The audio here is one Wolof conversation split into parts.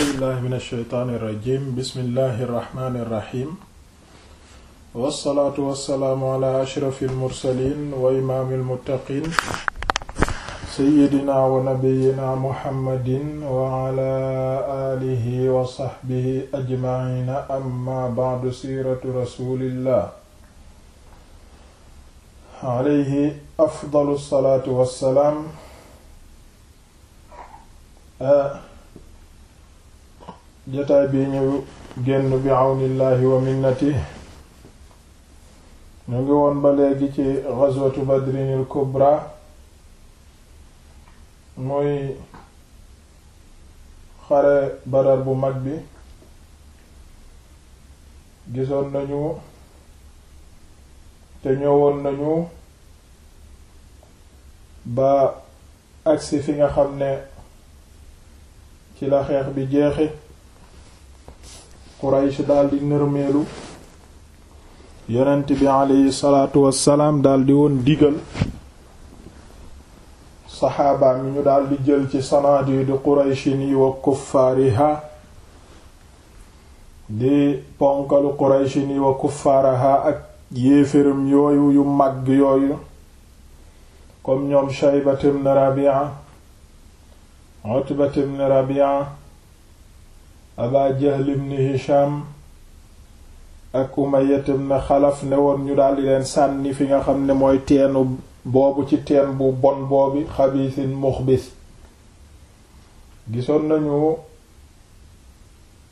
a'uuzu billahi min asheytaani irrajim bismillahi irrahmaani irrahim wassalaatu wassalaamu ala ashrafi almursalin wa imaami almuttaqin seyidina wa nabiyina muhammadin wa ala alihi wa saxbihi ajmaina amma ba'du siiratu rasulillah alayhi afdalu salaatu wassalaam jotaay bii ñëw génn bi àwnillaahi wa minnati ñu ngi woon ba léegi ci ghazwatu badrinil kubra muy xare badar bu mag bi gisoon nañu te ñëwoon nañu ba agsi fi nga xam ne ci la xeex bi jeexi Quraysh daal di nërmeelu yonent bi aleyhi salaatu wassalaam daal di woon digal saxaaba mi ñu daal di jël ci sanaadiidi Qurayshin yi wa kuffaariha di ponkalu Qurayshin yi wa kuffaaraha ak yéeféram yooyu yu mag yooyu comme ñoom Shaybat ibn Rabi'a Utbat ibn Rabi'a Aba Jahl ibn Hisham ak Umayya ibn Xalaf ne woon ñu daldi leen sànni fi nga xam ne mooy teenu boobu ci teen bu bon boobi xabiisin muxbis gisoon nañu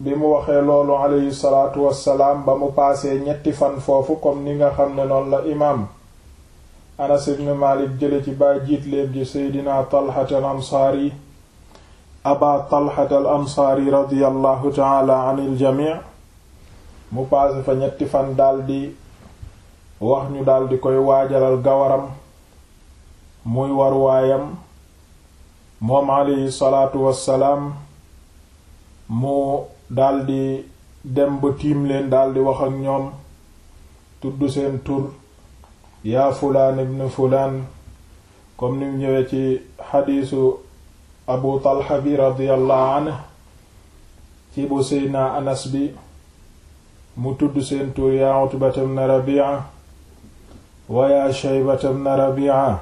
bi mu waxee loolu aleyhi salaatu wassalaam ba mu paasee ñetti fan foofu comme ni nga xam ne noonu la imaam Anas ibn Maalik jële ci baa léegi léeb ji ansaari aba talxata ansaari radiallahu taala an iljami mu paase fa ñetti fan daldi wax ñu daldi koy waajalal gawaram muy war waayam moom aleyhi salaatu wassalaam mu daldi dem ba tiim leen daldi wax ak ñoom tudd seen tur yaa fulaan ibn fulaan comme ni ñëwee ci xadiisu abu talha bi radiyallahu ci bu seydna anas bi mu tudd seen tuur yaa utbata bna rabi'a wa yaa shaybata bna rabi'a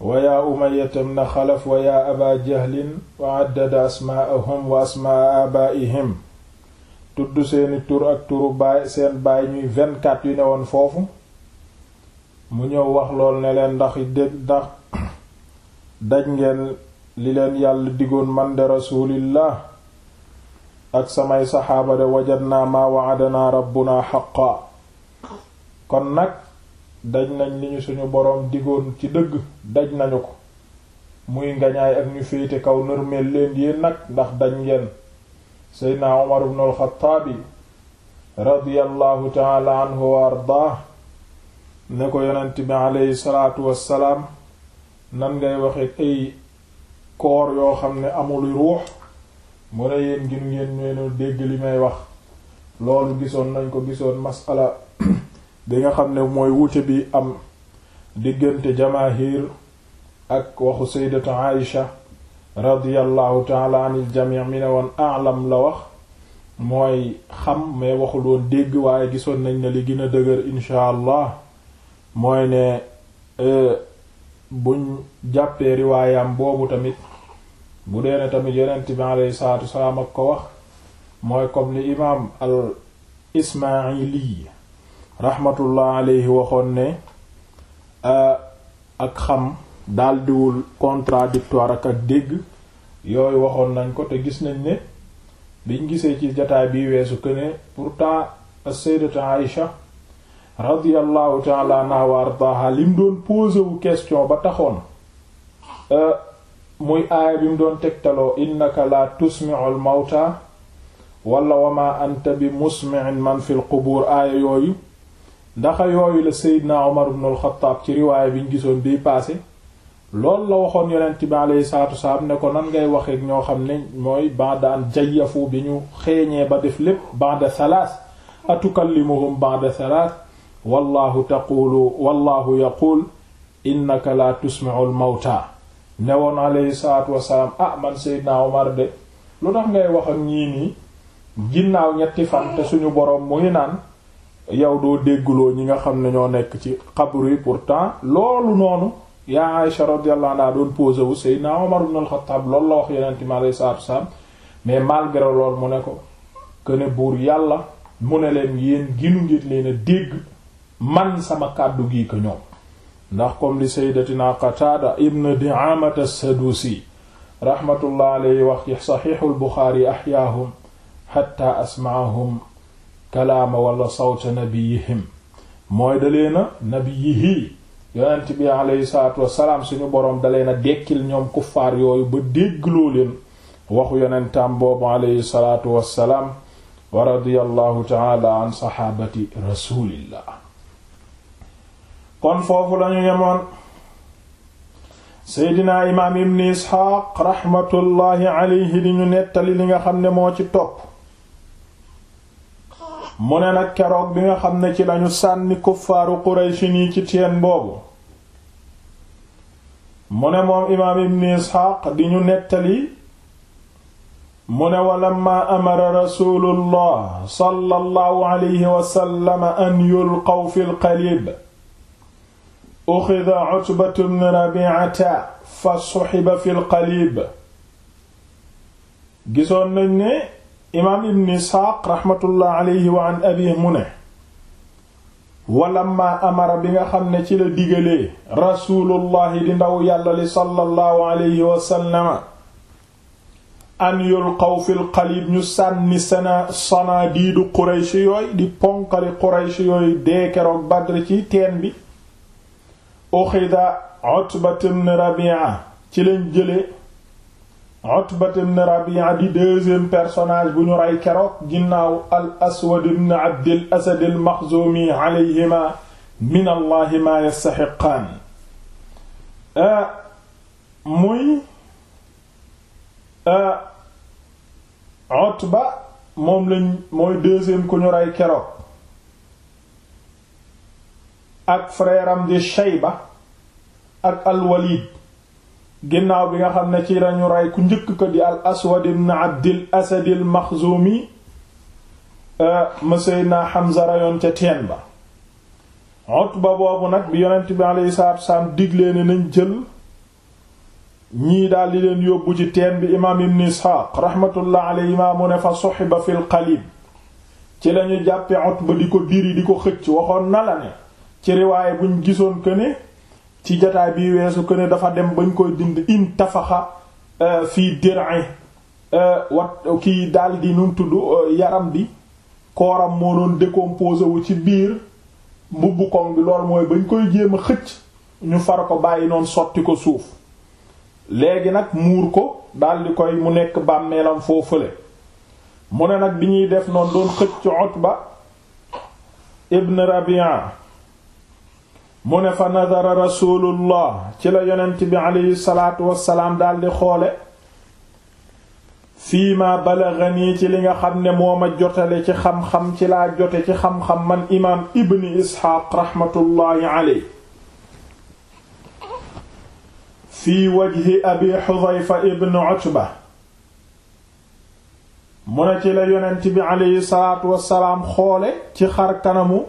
wa yaa umayyata bna xalaf wa yaa aba jahlin wa addada asmaa'ahum wa asmaa abaa'ihim tudd seeni tur ak turu baay seen baay ñuy yu ne woon foofu mu ñëw wax lool ne leen ndax dég ndax daj ngeen li leen yàlla digoon man de rasulillah ak samay saxaaba de wajadnaa ma wa'adanaa rabbunaa haqqan kon nag daj nañ li ñu suñu boroom digoon ci dëgg daj nañu ko muy ngañaay ak ñu féete kaw nërmeel leen yéen nag ndax daj ngeen seydna Umar ibn al-Xattaabi radiyallahu taala anhu wa ardaah ne ko yonent bi aleyhi salaatu wassalaam nan ngay waxe ay koor yoo xam ne amul ruux mu ne yéen ngir ngeen neenu dégg li may wax loolu gisoon nañ ko gisoon masala bi nga xam ne mooy wuute bi am diggante jamaahir ak waxu sayyidatu Aïsha radiyallahu taala anil jami' mi ne woon a'lam la wax mooy xam mais waxul dégg waaye gisoon nañ ne li gën a dëgër incha allah mooy ne euh, buñ jàppee riwaayam boobu tamit bu dee ne tamit yonent bi alayhi salaatu salaam ak ko wax mooy comme li imaam al ismaili rahmatullah alayhi waxoon ne ak xam daldiwul contradictoire ak ak dégg yooyu waxoon nañ ko te gis nañ ne biñ gisee ci jataay bi weesu que ne pourtant sayyidatu Aïcha radiyallahu taala anha wa ardaaha lim doon posé wu question ba taxoon euh, muy aaya bi mu doon tegtaloo innaka la tusmi'ul mawta wala wama anta bi musmi'in man fil qubuur aaya yooyu ndaxa yooyu la seydina omar ibn al-Khattab ci riwaaya bi gisoon bii paase loolu la waxoon yonent bi alayhi salaatu wasalaam ne ko nan ngay waxeek ñoo xam ne mooy daan an yafu bi ñu xeeñee ba def lépp ba'da salaas atukallimuhum ba'da salaas wallahu taqulu wallahu yaqul innaka la tusmi'u al-mawta ne woon alayhi salaatu wasalaam ah man de lu tax ngay wax ak ñii nii ginnaaw ñetti fan te suñu boroom mu naan yow doo déggloo ñi nga xam ne ñoo nekk ci xabru yi pourtant loolu noonu yaa Aïsha radiyallahu anha doon posé wu Seydina Omar ibn al-Khattab lool la wax yonent mi alayhi salaatu wasalaam mais malgré lool mu ne ko que buur yàlla mu ne leen yéen ginu ngeen leen a dégg. man sama kàddu gii ko ñoom ndax comme li saydatina qataada ibn di'aamata as-sadusi rahmatullah alayhi wax ci saxiixul buxaari axyaahum xatta asmaahum kalaama wala sawta nabiyihim mooy daleena nabiyihi yonent bi aleyhi salaatu wasalaam suñu boroom daleena dekkil ñoom kuffaar yooyu ba déggloo leen waxu yonentam boobu aleyhi salaatu wasalaam wa radiyallahu taala an saxaabati rasulillah kon foofu lañu yemoon seydina imaam ibn isxaaq raxmatullaahi alayhi di ñu nettali li nga xam ne moo ci topp mu ne nag keroog bi nga xam ne ci lañu sànni kuffaaru quraysin yi ci teen boobu mu ne moom imaam ibn isxaaq di ñu nettali mu ne walamma amara rasuulullah sallallahu alayhi wa sallam an yulqaw fil qaliib uxida utbatu bnu rabiata fa suxiba fi lqalib gisoon nañ ne imaam ibn isxaaq raxmatullah wa an mu ne walamma amara bi nga xam ne ci la digalee rasuulullahi di ndaw yàlla li sallallahu alayhi wasallama an yulqaw fil qalib ñu sànni sanaa diidu quraysh di ponkali quraysh yooyu dee keroog ci teen bi uxida Utbat ibn Rabi'a ci lañ jële Utbat ibn Rabi'a di deuxième personnage bu ñu rey keroog ginnaaw al aswad ibn Abdil Asad al Maxzumi alayhima min allahi ma yastaxiqaan muy Utba moom lañ mooy deuxième ku ñu rey keroog ak frère am di Shayba ak al ginnaaw bi nga xam ne ci lañu rey ku njëkk ko di al aswad ibn abdil asadil maxzumi euh, ma seydna Hamza rayoon ca teen ba Utba boobu nag ne jël ñii daal di leen yóbbu ci teen bi imaam ibn Isxaaq rahmatullah alayhi ne fa suhiba fil qalib ci lañu jàppe Utba di ko diri di ko xëcc waxoon na la ne ci riwaay buñ gisoon que ne ci jataay bi weesu que ne dafa dem bañ koy dind in tafaxa euh, fii dir'i euh, wat kii daal di nu tudd euh, yaram bi kooram moo doon décomposé wu ci biir mbubb koŋ bi lool mooy bañ koy jéem a xëcc ñu far ko bàyyi noonu sotti ko suuf léegi nag muur ko daldi koy mu nekk bàmmeelam foo fële mu ne nag bi ñuy def noonu doon xëcc Utba ibn Rabi'a mu ne fa nadara rasulullah ci la yonent bi aleyhi salaatu wassalaam daldi xoole fii ma balagani ci li nga xam ne moo ma jotale ci xam-xam ci laa jote ci xam-xam man imaam ibni isxaaq raxmatullaahi aley fii wajhi abi xudayfa ibn utba mu ne ci la yonent bi aleyhi salaatu wassalaam xoole ci xar kanamu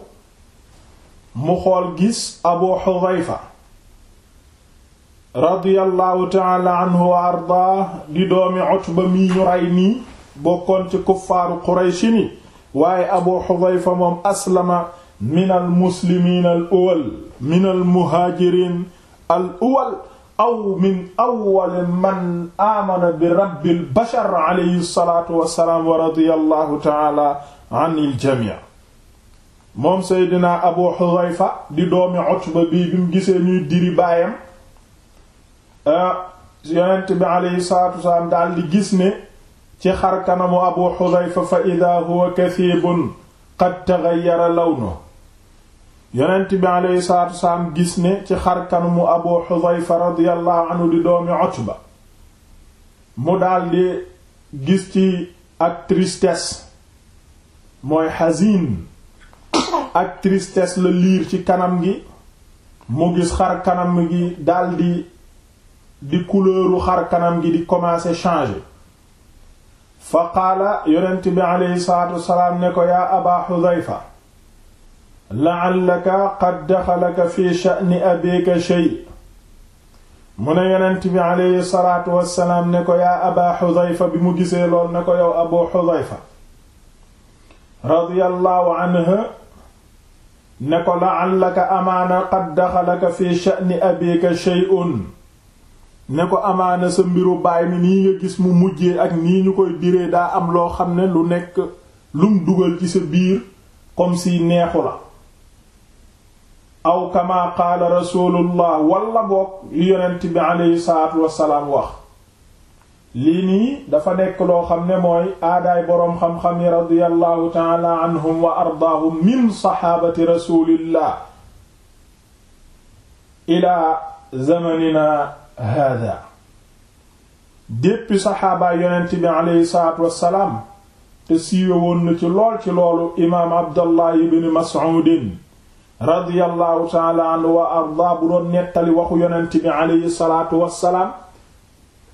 mu xool gis abu xudayfa radiyallahu taala anhu wa ardaa di doomi utba mi ñu rey nii bokkoon ci kuffaaru qurayshi ni waaye abu xudayfa moom aslama min al muslimiin al uwal min al muhaajiriin al uwal aw min awwal man aamana bi rabbil bashar alayhi salaatu wa salaam wa radiyallahu taala anil jamii moom Seydina Abu Hudhayfa di doomi Utba bii bi gisee ñuy diri baayam ah, yonent gis ne ci xar kanamu Abu Hudhayfa fa idha huwa kathibun qad taghayyara lawnu yonent bi aleyhi gis ne ci xar Abu Hudhayfa radiyallahu anhu di doomi Utba mu daal gis ci ak tristesse mooy xasin ak tristesse la liir ci kanam gi mu gis xar kanam gi daldi di couleuru xar kanam gi di commencer changer fa qaala yonent bi aleyhi ne ko yaa aba xudayfa la'allaka qad daxalaka fi sha'ni abika shay mu ne yonent bi aleyhi ne ko yaa aba xudayfa bi mu gisee lool ne ko yow abu xudayfa radiyallahu anhu ne ko la'allaka amaana qad daxalaka fi sha'ni abika shay'un ne ko amaana sa mbiru baay mi nii nga gis mu mujje ak nii ñu koy biree daa am loo xam ne lu nekk lum dugal ci sa biir kom si neexu la aw kama qaala rasulullah walla boog li yonent bi aleyhi salaatu wassalaam wax lii nii dafa nekk loo xam ne mooy aadaay boroom xam-xam yi radiyallahu taala anhum wa ardaahum min saxaabati rasulillah ila zamanina hada déppi saxaabaay yonent bi aleyhi salaatu wassalaam te siiwe woon na ci lool ci loolu imaam abdallah ibn mas'uudin radiyallahu taala anhu wa ardaa bu doon nettali waxu yonent bi aleyhi salaatu wassalaam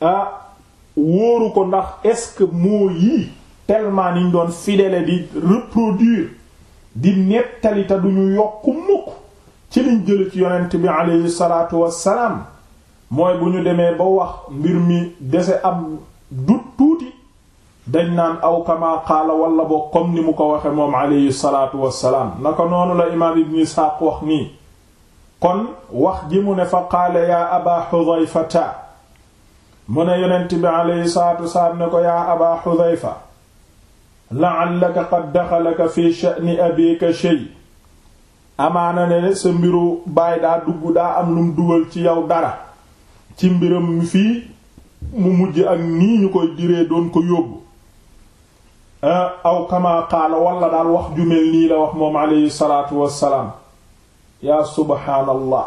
ah wóoru ko ndax est-ce que moo yii tellement niñ doon fidèle di reproduire di nettali duñu yokk mukk ci liñ jële ci yonent bi aleyhi salaatu wassalaam mooy bu ñu demee ba wax mbir mi dese am du tuuti dañ naan aw kama qaala wala boo comme ni mu ko waxe moom aleyhi salaatu wassalaam naka noonu la imaam ibn Isaaq wax nii kon wax ji mu ne fa qaala yaa aba Hudhayfata mu ne yonent bi aleyhi salaatu wasalaam ne ko yaa aba xudayfa la'allaka qad daxalaka fi sha'ni abika shay amaana ne sa mbiru baay daa dugg daa am lu dugal ci yow dara ci mbiram fii mu mujj ak nii ñu koy diree doon ko yóbbu eh, aw kama qaala walla daal wax ju mel nii la wax moom aleyhi salaatu wasalaam yaa subhaanallah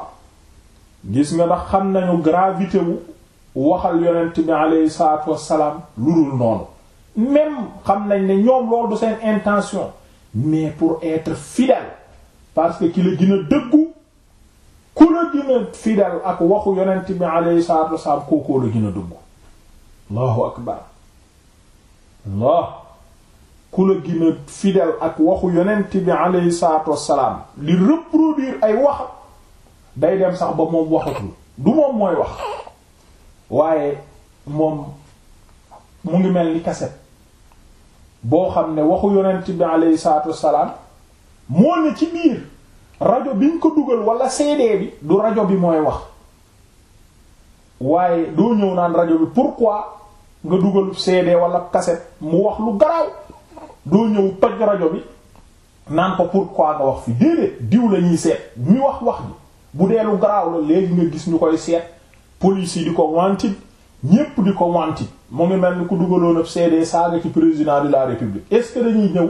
gis nga ndax xam nañu gravité waxal yonent bi aleyhi salaatu wassalaam lu dul noonu même xam nañ ne ñoom loolu du seen intention mais pour être fidèle parce que ki la gën a dëggu ku la gën a ak waxu yonent bi aleyhi salaatu wassalaam kookoo la gën dëggu allahu akbar allah ku la gën a ak waxu yonent bi aleyhi salaatu wassalaam li reproduire ay wax day dem sax ba moom waxatul du moom mooy wax waaye moom mu ngi mel ni kaset boo xam ne waxu yonent bi aleyhi salaatu wassalaam moo ne ci biir rajo biñ ko dugal walla CD bi du rajo bi mooy wax waaye doo ñëw naan rajo bi pour pourquoi nga dugal CD wala cassette mu wax lu garaaw doo ñëw toj rajo bi naan ko pourquoi nga wax fi déedéet diw la seet mi wax wax bi bu dee lu garaaw la léegi nga gis ñu koy seet police yi di ko wanti ñépp di ko wanti mu ngi mel ni ku dugaloon ab CD saaga ci président de la république est-ce que dañuy ñëw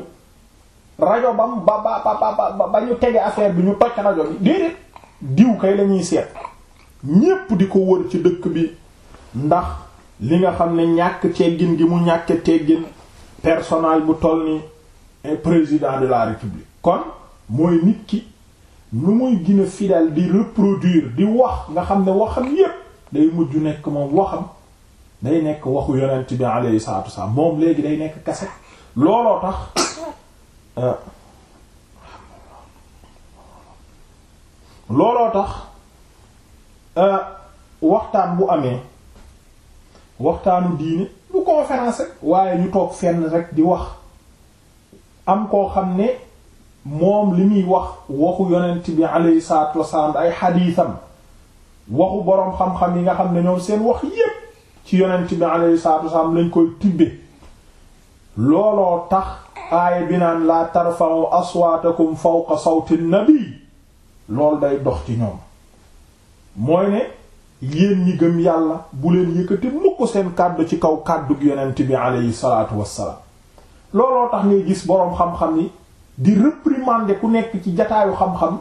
rajo bam ba ba ba ba ba ñu tege affaire bi ñu toj rajo bi déedéet diw kay la seet ñépp di ko wër ci dëkk bi ndax li nga xam ne ñàkk teggin gi mu ñàkk teggin personnage bu toll ni président de la république kon mooy nit ki nu muy gën a fidèle di reproduire di wax nga xam ne waxam yépp day mujj nekk moom waxam day nekk waxu yonent bi alayhi saatu wasalaam moom léegi day nekk kase looloo tax euh, tax euh, waxtaan bu amee waxtaanu diine bu conférence waaye ñu toog fenn rek di wax am koo xam ne moom li muy wax waxu yonent bi alayhi salaatu wasalaam ay xadiisam waxu boroom xam-xam yi nga xam ne ñoom seen wax yépp ci yonent bi alayhi salaatu lañ koy tibbee looloo tax aaya bi naan laa tarfa'u aswaatakum fawqa sawti nabi loolu day dox ci ñoom mooy ne yéen ñi gëm yàlla bu leen yëkkati ko seen kàddu ci kaw kàddu yonent bi alayhi salaatu looloo tax ngay gis boroom xam-xam yi di réprimander ku nekk ci jataayu xam-xam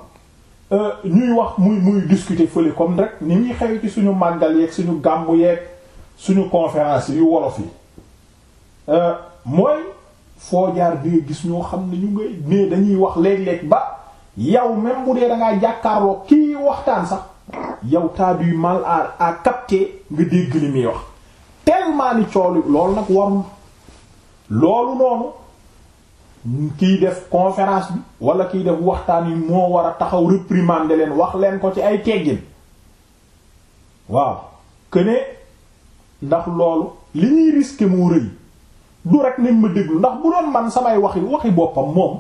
Euh, ñuy wax muy muy discuter fële comme rek ni muy xew ci suñu màggal yeeg suñu gàmmu yeeg suñu conférence yu wolof yi euh, mooy foo jaar bi gis ñoo xam ne ñu ngay mais dañuy wax léeg-léeg ba yow même bu dee da ngaa jàkkaarloo kii waxtaan sax yow t'as du mal à à capter nga dégg li muy wax tellement ni coolu loolu nag warul loolu noonu kiy def conférence bi wala kiy def waxtaan yi moo war a taxaw réprimander leen wax leen ko ci ay teggin waaw këne ndax loolu li ñuy risquer moo rëy du rek nañ ma déglu ndax bu doon man samay wax waxi waxi boppam moom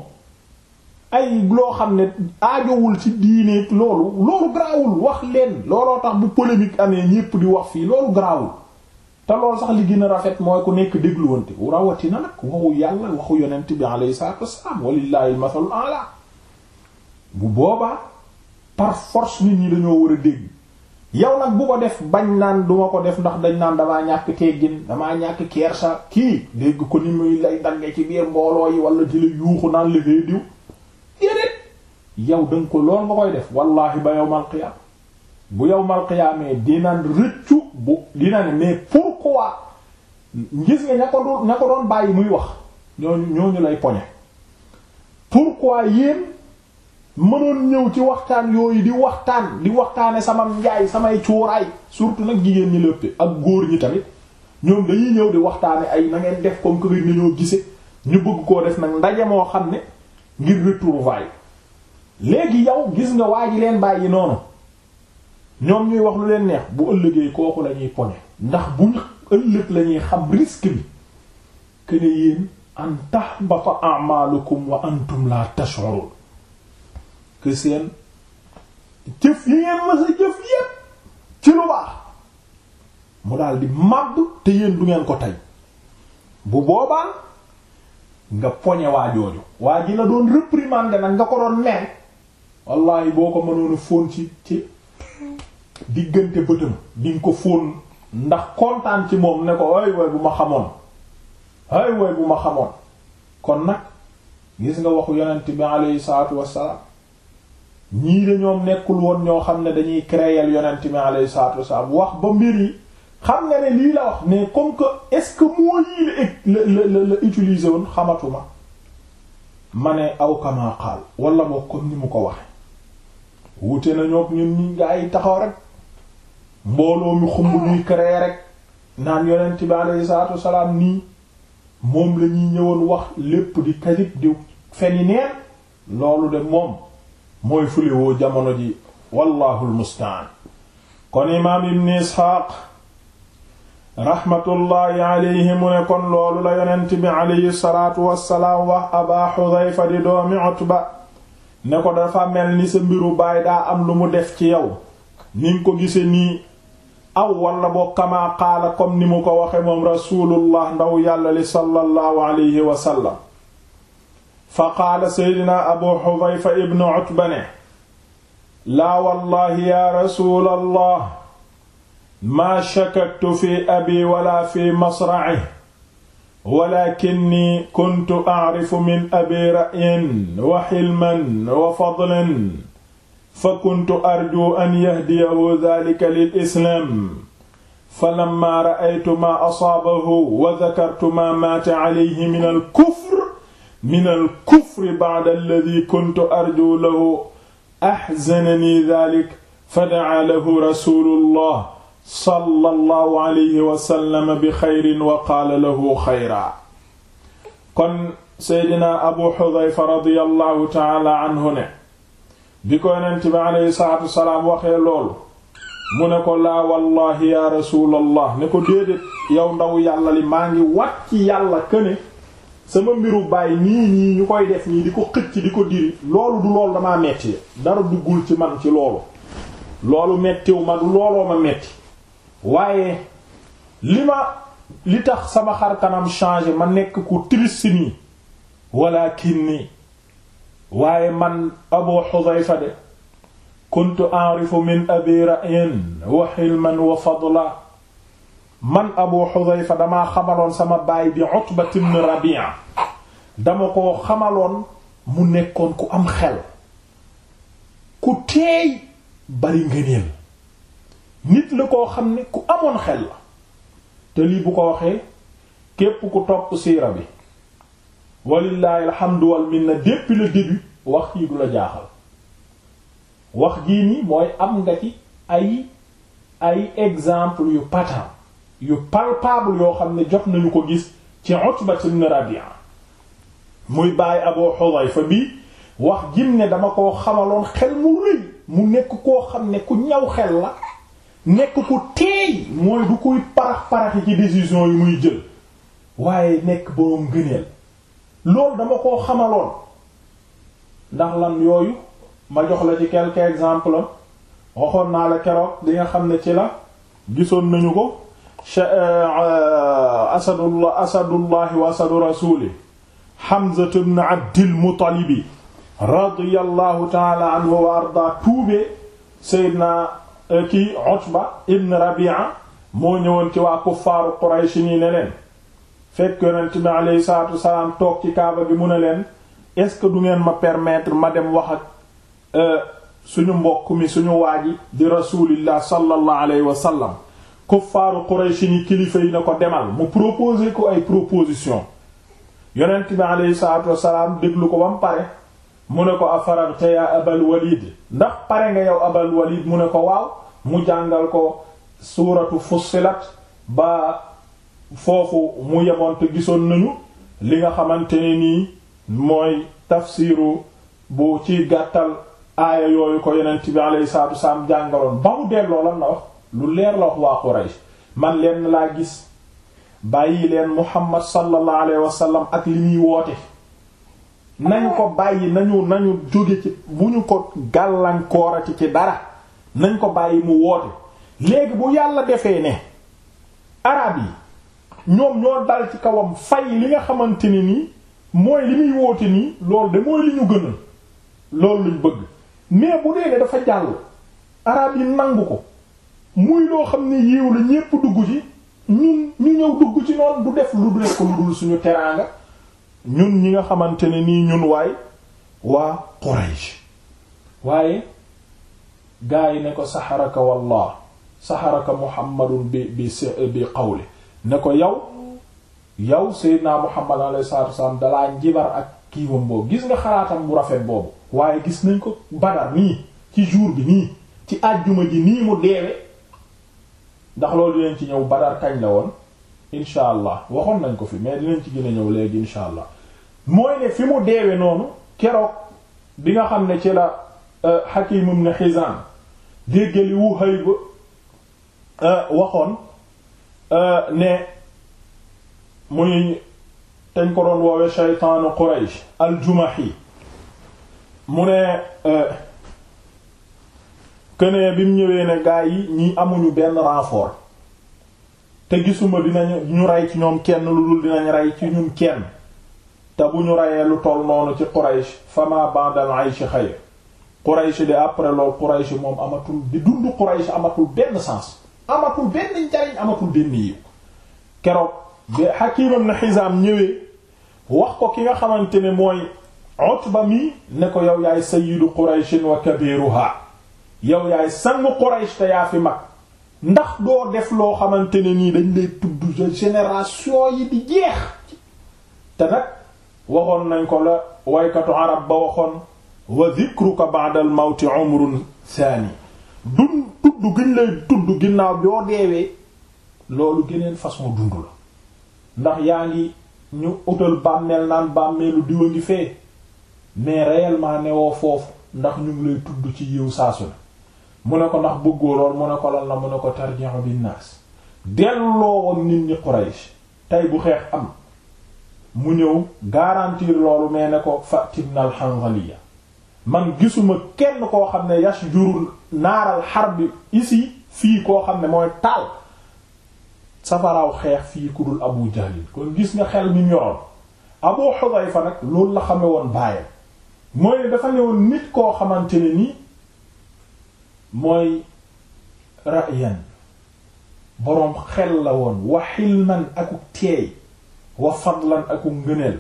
ay loo xam ne aajowul ci diineeg loolu loolu garaawul wax leen looloo tax bu polémique amee ñépp di wax fii loolu garaawul te loolu sax li gën a rafet mooy ku nekk dégluwante rawatina nag waxu yàlla waxu yonent bi alayhi salaatu wassalaam walillahi al-masalul a'la bu boobaa par force nit ñi dañoo war a dégg yow nag bu ko def bañ naan duma ko def ndax dañ naan damaa ñàkk teggin damaa ñàkk kersa kii dégg ko ni muy lay dagge ci biir mbooloo yi wala di la yuuxu naan la fee diw déedéet yow danga ko lool nga koy def wallahi ba yawmal qiyaama bu yawmal qiyaamee dina rëccu bu dina ne mais pourquoi gis nga ña ko doon ña ko doon bàyyi muy wax ñooñu ñooñu lay poñe pourquoi yéen mënoon ñëw ci waxtaan yooyu di waxtaan di waxtaane sama njaay samay cuuraay surtout nag jigéen ñi lépp ak góor ñi tamit ñoom dañuy ñëw di waxtaane ay na def comme que gëj nañoo gisee ñu bëgg koo def nag ndaje moo xam ne ngir retrouvaille léegi yow gis nga waa ji leen bàyyi noonu ñoom ñuy wax lu leen neex bu ëllëgee kooku lañuy ñuy poñe ndax bu ëllëg la ñuy xam risque bi que ne yéen an tahbata a'malukum wa antum la tash'urun que seen jëf yi ngeen mës a jëf yépp ci lu baax mu daal di màbb te yéen du ngeen ko tey bu boobaa nga poñe waa jooju waa ji la doon réprimander nag nga ko doon neen wallahi boo ko mënoon a ci ci diggante bëtam bi nga ko fóon ndax kontaan ci moom ne ko ay way bu ma xamoon ay way bu ma xamoon kon nag gis nga waxu yonent bi aleyhi salaatu wassalaam ñii de ñoom nekkul woon ñoo xam ne dañuy créer yonent bi aleyhi salaatu wassalaam wax ba mbir yi xam nga ne lii la wax mais comme que est-ce que moo yii la la la utiliser xamatuma ma ne aw kamaa xaal wala boo comme ni mu ko waxe wute na ñoom ñun ñi nga ay taxaw rek mbooloo mi xumb ñuy créer rek naan yonent bi alayhi salaatu wasalaam nii moom la ñuy wax lépp di kadib di feni neen loolu de moom mooy fulewoo jamono ji wallahu almustaan kon imaam ibn isxaaq raxmatullaahi alayhi mu ne kon loolu la yonent bi alayhi salaatu wassalaam wax aba xudayfa di doomi utba ne ko dafa mel ni sa mbiru baay daa am lu mu def ci yow ni ko gise nii aw wala boo kamaa qaala comme ni mu ko waxe moom rasulullah ndaw yàlla li sallallahu alayhi wa sallam fa qaala seydina abu xudayfa ibnu utba ne laa wallahi ya rasulallah maa shakaktu fi abi wala fi masracihi walakinni kuntu acrifu min abi ra'yin wa xilman wa fadlan fa kuntu arju an yahdiyahu dhalika lil islaam falamma ra'aytu ma asaabahu wa dhakartu ma maata alayhi min al kufr min al kufri ba'da alladhi kuntu arju lahu ahzanani dhalik fada'a lahu rasulullah sallallahu alayhi wa sallam bi xayrin wa qaala lahu xayra kon seydina abu xudayfa radiyallahu ta'ala anhu ne bi ko yonent bi aleyhi salaatu waxee loolu mu ne ko laa wallaahi ya rasuulallah ne ko déedéet yow ndaw yàlla li maa ngi wat ci yàlla këne sama mbiru baay nii ñii ñu koy def nii di ko xëcc di ko diri loolu du loolu damaa metti dara duggul ci man ci loolu loolu mettiwu ma du looloo ma metti waaye li ma li tax sama xar kanam changé ma nekk ku triste nii kii nii waaye man abu xudayfa de kuntu arifu min abi ra'in wa xilman wa fadla man abu xudayfa damaa xamaloon sama baay di utbat ibn rabi'a dama ko xamaloon mu nekkoon ku am xel ku teey bari ngëneel nit la koo xam ne ku amoon xel la te lii bu ko waxee képp ku topp siira bi walillahi alhamdu wal minna depuis le début wax yi du la jaaxal wax jii nii mooy am nga ci ay ay exemple yu patent yu palpable yoo xam ne jot nañu ko gis ci Utba ibn Rabi'a muy bàyyi Abu Hudayfa bi wax jim ne dama koo xamaloon xel mu rëy mu nekk koo xam ne ku ñaw xel la nekk ko teey mooy du kuy parax paraxi ci décision yi muy jël waaye nekk boroom gëneel loolu dama koo xamaloon ndax lan yooyu ma jox la ci quelques exemple waxoon naa la keroog di nga xam ne ci la gisoon nañu ko euh, asadullah asadullahi wa asadu rasuli Hamzatu bnu Abdil Muttalibi radiyallahu taala anhu wa arda tuube Seydina euh, kii Utba ibn Rabi'a moo ñëwoon ci waa kuffaaru Quraysh nii ne leen fekk yonent bi alayhi salaatu salaam toog ci kaaba bi mu ne leen est ce que du ngeen ma permettre ma dem wax ak euh, suñu mbokk mi suñu waaji di rasulillah sallallahu alayhi wa sallam kuffaaru Quraysh ni kilifa yi na ko demal mu proposer ko ay proposition yonent bi alayhi salaatu wasalaam déglu ko ba mu pare mu ne ko afaragta ya abal walid ndax pare nga yow abal walid mu ne ko waaw mu jàngal ko suuratu fussilat ba foofu mu yemoon te gisoon nañu li nga xamante ne nii mooy tafsiru bu ci gàttal aaya yooyu ko yonent bi alayhi salaatu wasalaam jàngaloon ba mu delloo lan la wax lu leer la wax waa Quraysh man leen laa gis bàyyi leen Muhammad sallallahu alayhi wa sallam ak li ñuy woote nañ ko bàyyi nañu nañu jóge ci bu ñu ko gàllankoorati ci dara nañ ko bàyyi mu woote léegi bu yàlla defee ne arab yi ñoom ñoo dal ci kawam fay li nga xamante ni nii mooy li muy woote nii lool de mooy li ñu gënal loolu lañ bëgg mais bu dee dafa jàll arab yi nangu ko muy loo xam ne yiw la ñépp dugg ci ñun ñu ñëw dugg ci noonu du def lu dul ko lu dul suñu teraanga ñun ñi nga xamante ne nii ñun waay waa Quraysh waaye gaa yi ne ko saxaraka wallah saxaraka Muhammadun bi bi bi qawli ne ko yow yow Seydina Muhammad alayhi salaatu wasallam dalaa njibar ak kii kiiwam boobu gis nga xalaatam bu rafet boobu waaye gis nañ ko Badar nii ci jour bi nii ci àjjuma ji nii mu deewe ndax loolu dinañ ci ñëw Badar kañ la woon incha allah waxoon nañ ko fi mais dinañ ci gën a ñëw léegi incha allah mooy ne fi mu deewe noonu keroog bi nga xam ne ci la euh, Hakim ibn Hizam déggali wu Wuhayb euh, waxoon Euh, ne muy dañ ko doon woowe shaytaanu Quraysh al-Jumahi mu ne kënee euh, bi mu ñëwee ne gaa yi ñi amuñu benn renfort te gisuma dina ñu rey ci ñoom kenn lu dul dinañ rey ci ñun kenn te bu ñu reyee lu toll noonu ci Quraysh fama ba'dal ayshi xayr Quraysh de après lool Quraysh moom amatul di dund Quraysh amatul benn sens amatul benn njariñ amatul benn yiw keroog bi Hakim na Hizam ñëwee wax ko ki nga xamante ne mooy Utba mi ne ko yow yaay sayyidu Qurayshin wa kabiruha yow yaay sangu Quraysh te yaa fi mag ndax doo def loo xamante ne nii dañ lay tudd génération yi di jeex te nag waxoon nañ ko la waykatu arab ba waxoon wa dhikruka ba'da al-mawti umrun thani tudd gën lay tudd ginnaaw yoo deewee loolu geneen façon dund la ndax yaa ngi ñu utal bàmmeel naan bàmmeelu diwa ngi fee mais réellement newoo foofu ndax ñu ngi lay tudd ci yiw saasu la mu ne ko ndax bëggoo lool mu ne ko lan la mu ne ko tarji'u bin naas delloo woon nit ñi Quraysh tey bu xeex am mu ñëw garantir loolu mais ne ko fatimna al hanzaliya man gisuma kenn koo xam ne yashjurul naaral harbi isi fii koo xam ne mooy taal safaraaw xeex fii ku dul Abu Jahl kon gis nga xel mi ñoroon Abu Hudayfa nag loolu la xame woon bàyyam mooy ne dafa newoon nit koo xamante ne nii mooy ra'yan boroom xel la woon wa xilman akuk teey wax fadlan akuk ngëneel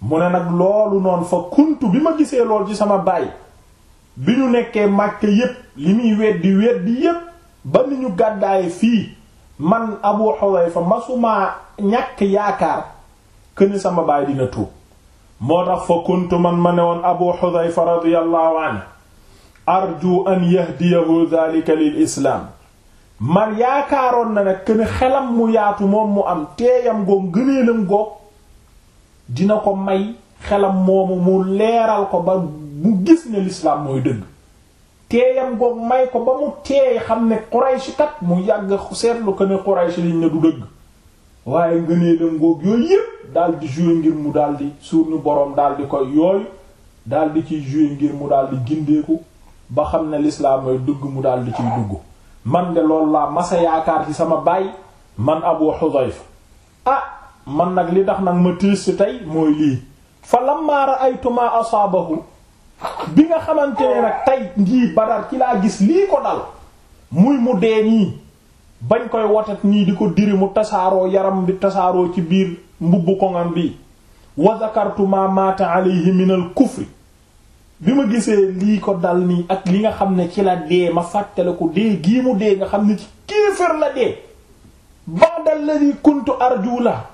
mu ne nag loolu noon fa kuntu bi ma gisee lool ci sama bàyyi bi ñu nekkee Makka yépp li muy weddi weddi yépp ba ni ñu gàddaay fii man Abu Hudayfa masumaa ñàkk yaakaar këni sama baay dina tuub moo tax fa kuntu man ma ne woon Abu Hudayfa radiyallahu anhu arju an yahdiyahu dhalika islaam man yaakaaroon na nag këni xelam mu yaatu moom mu am teeyam goog gëneelam goog dina ko may xelam moomu mu leeral ko ba mu gis ne lislaam mooy dëgg teeyam goog may ko ba mu teey xam ne Quraysh kat mu yàgg seetlu ko ne Quraysh liñ ne du dëgg waaye ngëneelam ngoog yooyu yépp daal di ngir mu daal di suñu boroom daal di koy yooyu daal di ciy jouer ngir mu daal di gindeeku ba xam ne lislaam mooy dëgg mu daal di ciy dugg man de lool laa masa yaakaar ci sama baay man Abu Hudayfa ah man nag li dax nag ma tiis ci tey mooy lii fa lammaa ra'aytu maa asaabahu bi nga xamante ne nag tey ngii Badar ci laa gis lii ko dal muy mu dee nii bañ koy watat nii di ko diri mu tasaaroo yaram bi tasaaroo ci biir mbubb koŋam bi wa zakartu ma mata alayhi min al kufri bi ma gisee lii ko dal nii ak li nga xam ne ci la dee ma fàttale ko dee gii mu dee nga xam ne ci kéefër la dee ba'da alladhi kuntu arju la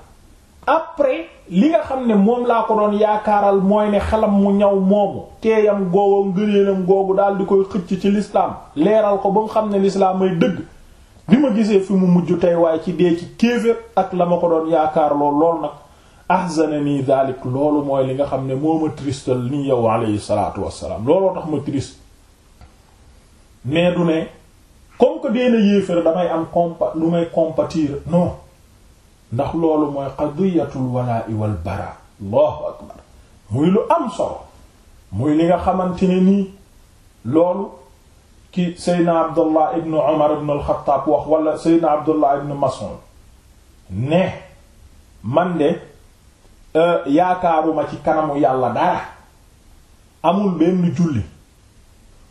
après li nga xam ne moom laa ko doon yaakaaral mooy ne xelam mu ñaw moomu teeyam goowam ngëneelam googu daal di koy xëcc ci lislaam leeral ko ba mu xam ne lislaam ay dëgg bi ma gisee fi mu mujj tey waaye ci dee ci kéeféer ak la ma ko doon yaakaar lool lool nag ahzanani dalik loolu mooy li nga xam ne moo ma tristal ni yow alayhi salaatu wassalaam looloo tax ma triste mais du ne comme que dee na yéeféer damay am compa lu may compatir non ndax loolu mooy qadiyatul walaa'i wal baraa allahu akbar muy lu am solo muy li nga xamante ni nii loolu ki seydna abdullah ibnu umar ibnu alxataab wax wala seydna abdullah ibnu mas'ud ne man de euh, yaakaaruma ci kanamu yàlla dara amul benn julli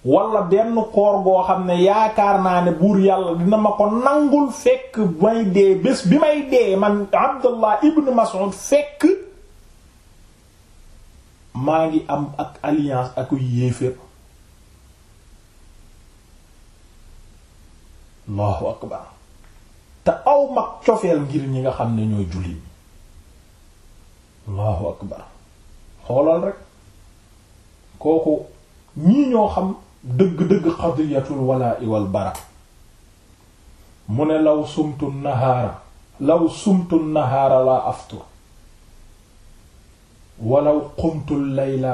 wala benn koor goo xam ne yaakaar naa ne buur yàlla dina ma ko nangul fekk may dee bés bi may dee man Abdullah ibn Mas'ud fekk maa ngi am ak alliance ak yéeféer Allahu akbar te aw mag cofeel ngir ñi nga xam ne ñooy jullit Allahu akbar xoolal rek kooku ñii ñoo xam dëgg-dëgg xadiyatul walaa wal bara mu ne law sumtu nahaara law sumtu nahaara laa aftur walaw qumtu layla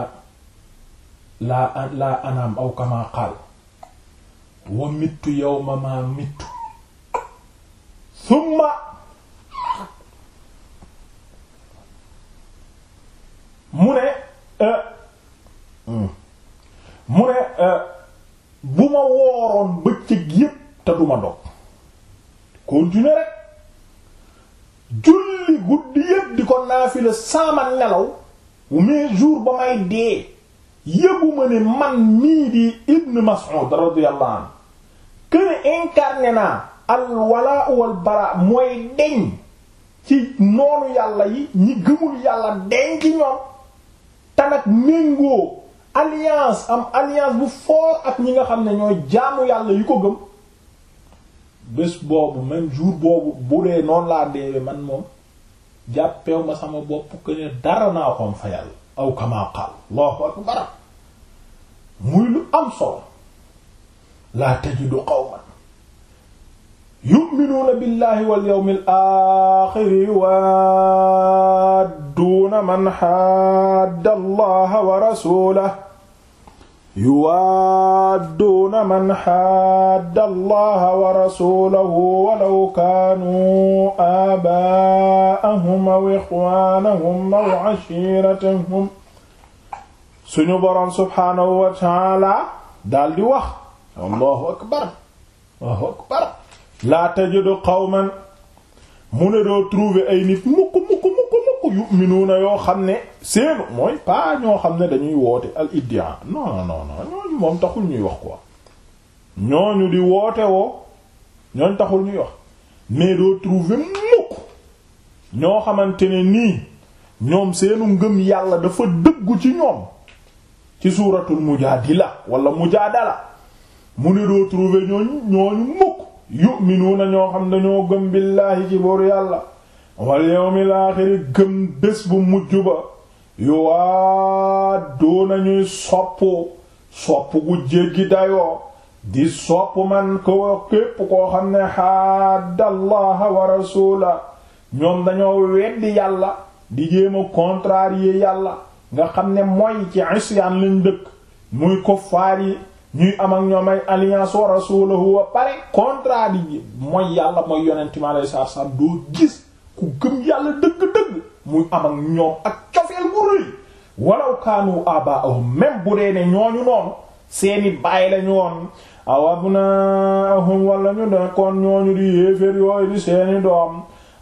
laa laa anaam aw kamaa qaal wa mittu yawma maa mittu summa mu ne euh, hmm, mu ne euh, bu ma wooroon bëccëg yépp te duma dog continuer rek julli guddi yépp di ko naafila saama nelaw mais jour ba may dee yëguma ne man mii di Ibn Mas'ud radiyallahu anhu kër incarné naa al walaa wal mooy deñ ci noonu yàlla yi ñi gëmul yàlla deñ ci ñoom te nag alliance am alliance bu fort ak ñi nga xam ne ñooy jaamu yàlla yu ko gëm bés boobu même jour boobu bu dee noonu laa deewee man moom jàppew ma sama bopp que ne dara naa ko fa yàlla aw kamaa qaal allahu akbar muy lu am solo laa tajidu qawman yu'minuuna billahi wal yawmil aaxir yuwaadduuna yuwaadduuna man xaadda allaha wa rasulahu walaw kaanuu aabaa'ahum aw ixwaanahum aw cashiiratahum suñu boroom subhaanahu wa taala daldi wax allahu akbar allahu akbar laa tajidu qawman mu ne doo trouver ay nit mukk mukk mukk mukk yu'minuuna yoo xam ne seenu mooy pas ñoo xam ne dañuy woote al iddia non non non moom taxul ñuy wax quoi ñooñu di woote woo ñooñ taxul ñuy wax mais doo trouver mukk ñoo xamante ne nii ñoom seenu ngëm yàlla dafa dëggu ci ñoom ci suuratul mujaadila wala mujaadala mu ne doo trouver ñooñu ñooñu mukk yu'minuuna ñoo xam ne ñoo gëm billaahi ci booru yàlla wal yawmil aaxiri bés bu mujj ba yuwaa doona ñuy sopp sopp gu gi dayoo di sopp man ko képp koo xam ne xaaddallaha wa rasuula ñoom dañoo weddi yàlla di jéema contrarier yàlla nga xam ne mooy ci isyaan lañ dëkk muy kuffaar yi ñuy am ak ñoom ay alliance wa rasuulahu wa pare contrarier mooy yàlla mooy yonent mi alayhi salaatu doo gis ku gëm yàlla dëgg-dëgg muy am ak ñoom ak cofeel bu rëy kaanu abaahum même bu dee ne ñooñu noonu seeni baay lañu woon aw abnaahum wala ñu nekkoon ñooñu di yéeféer yooyu di seeni doom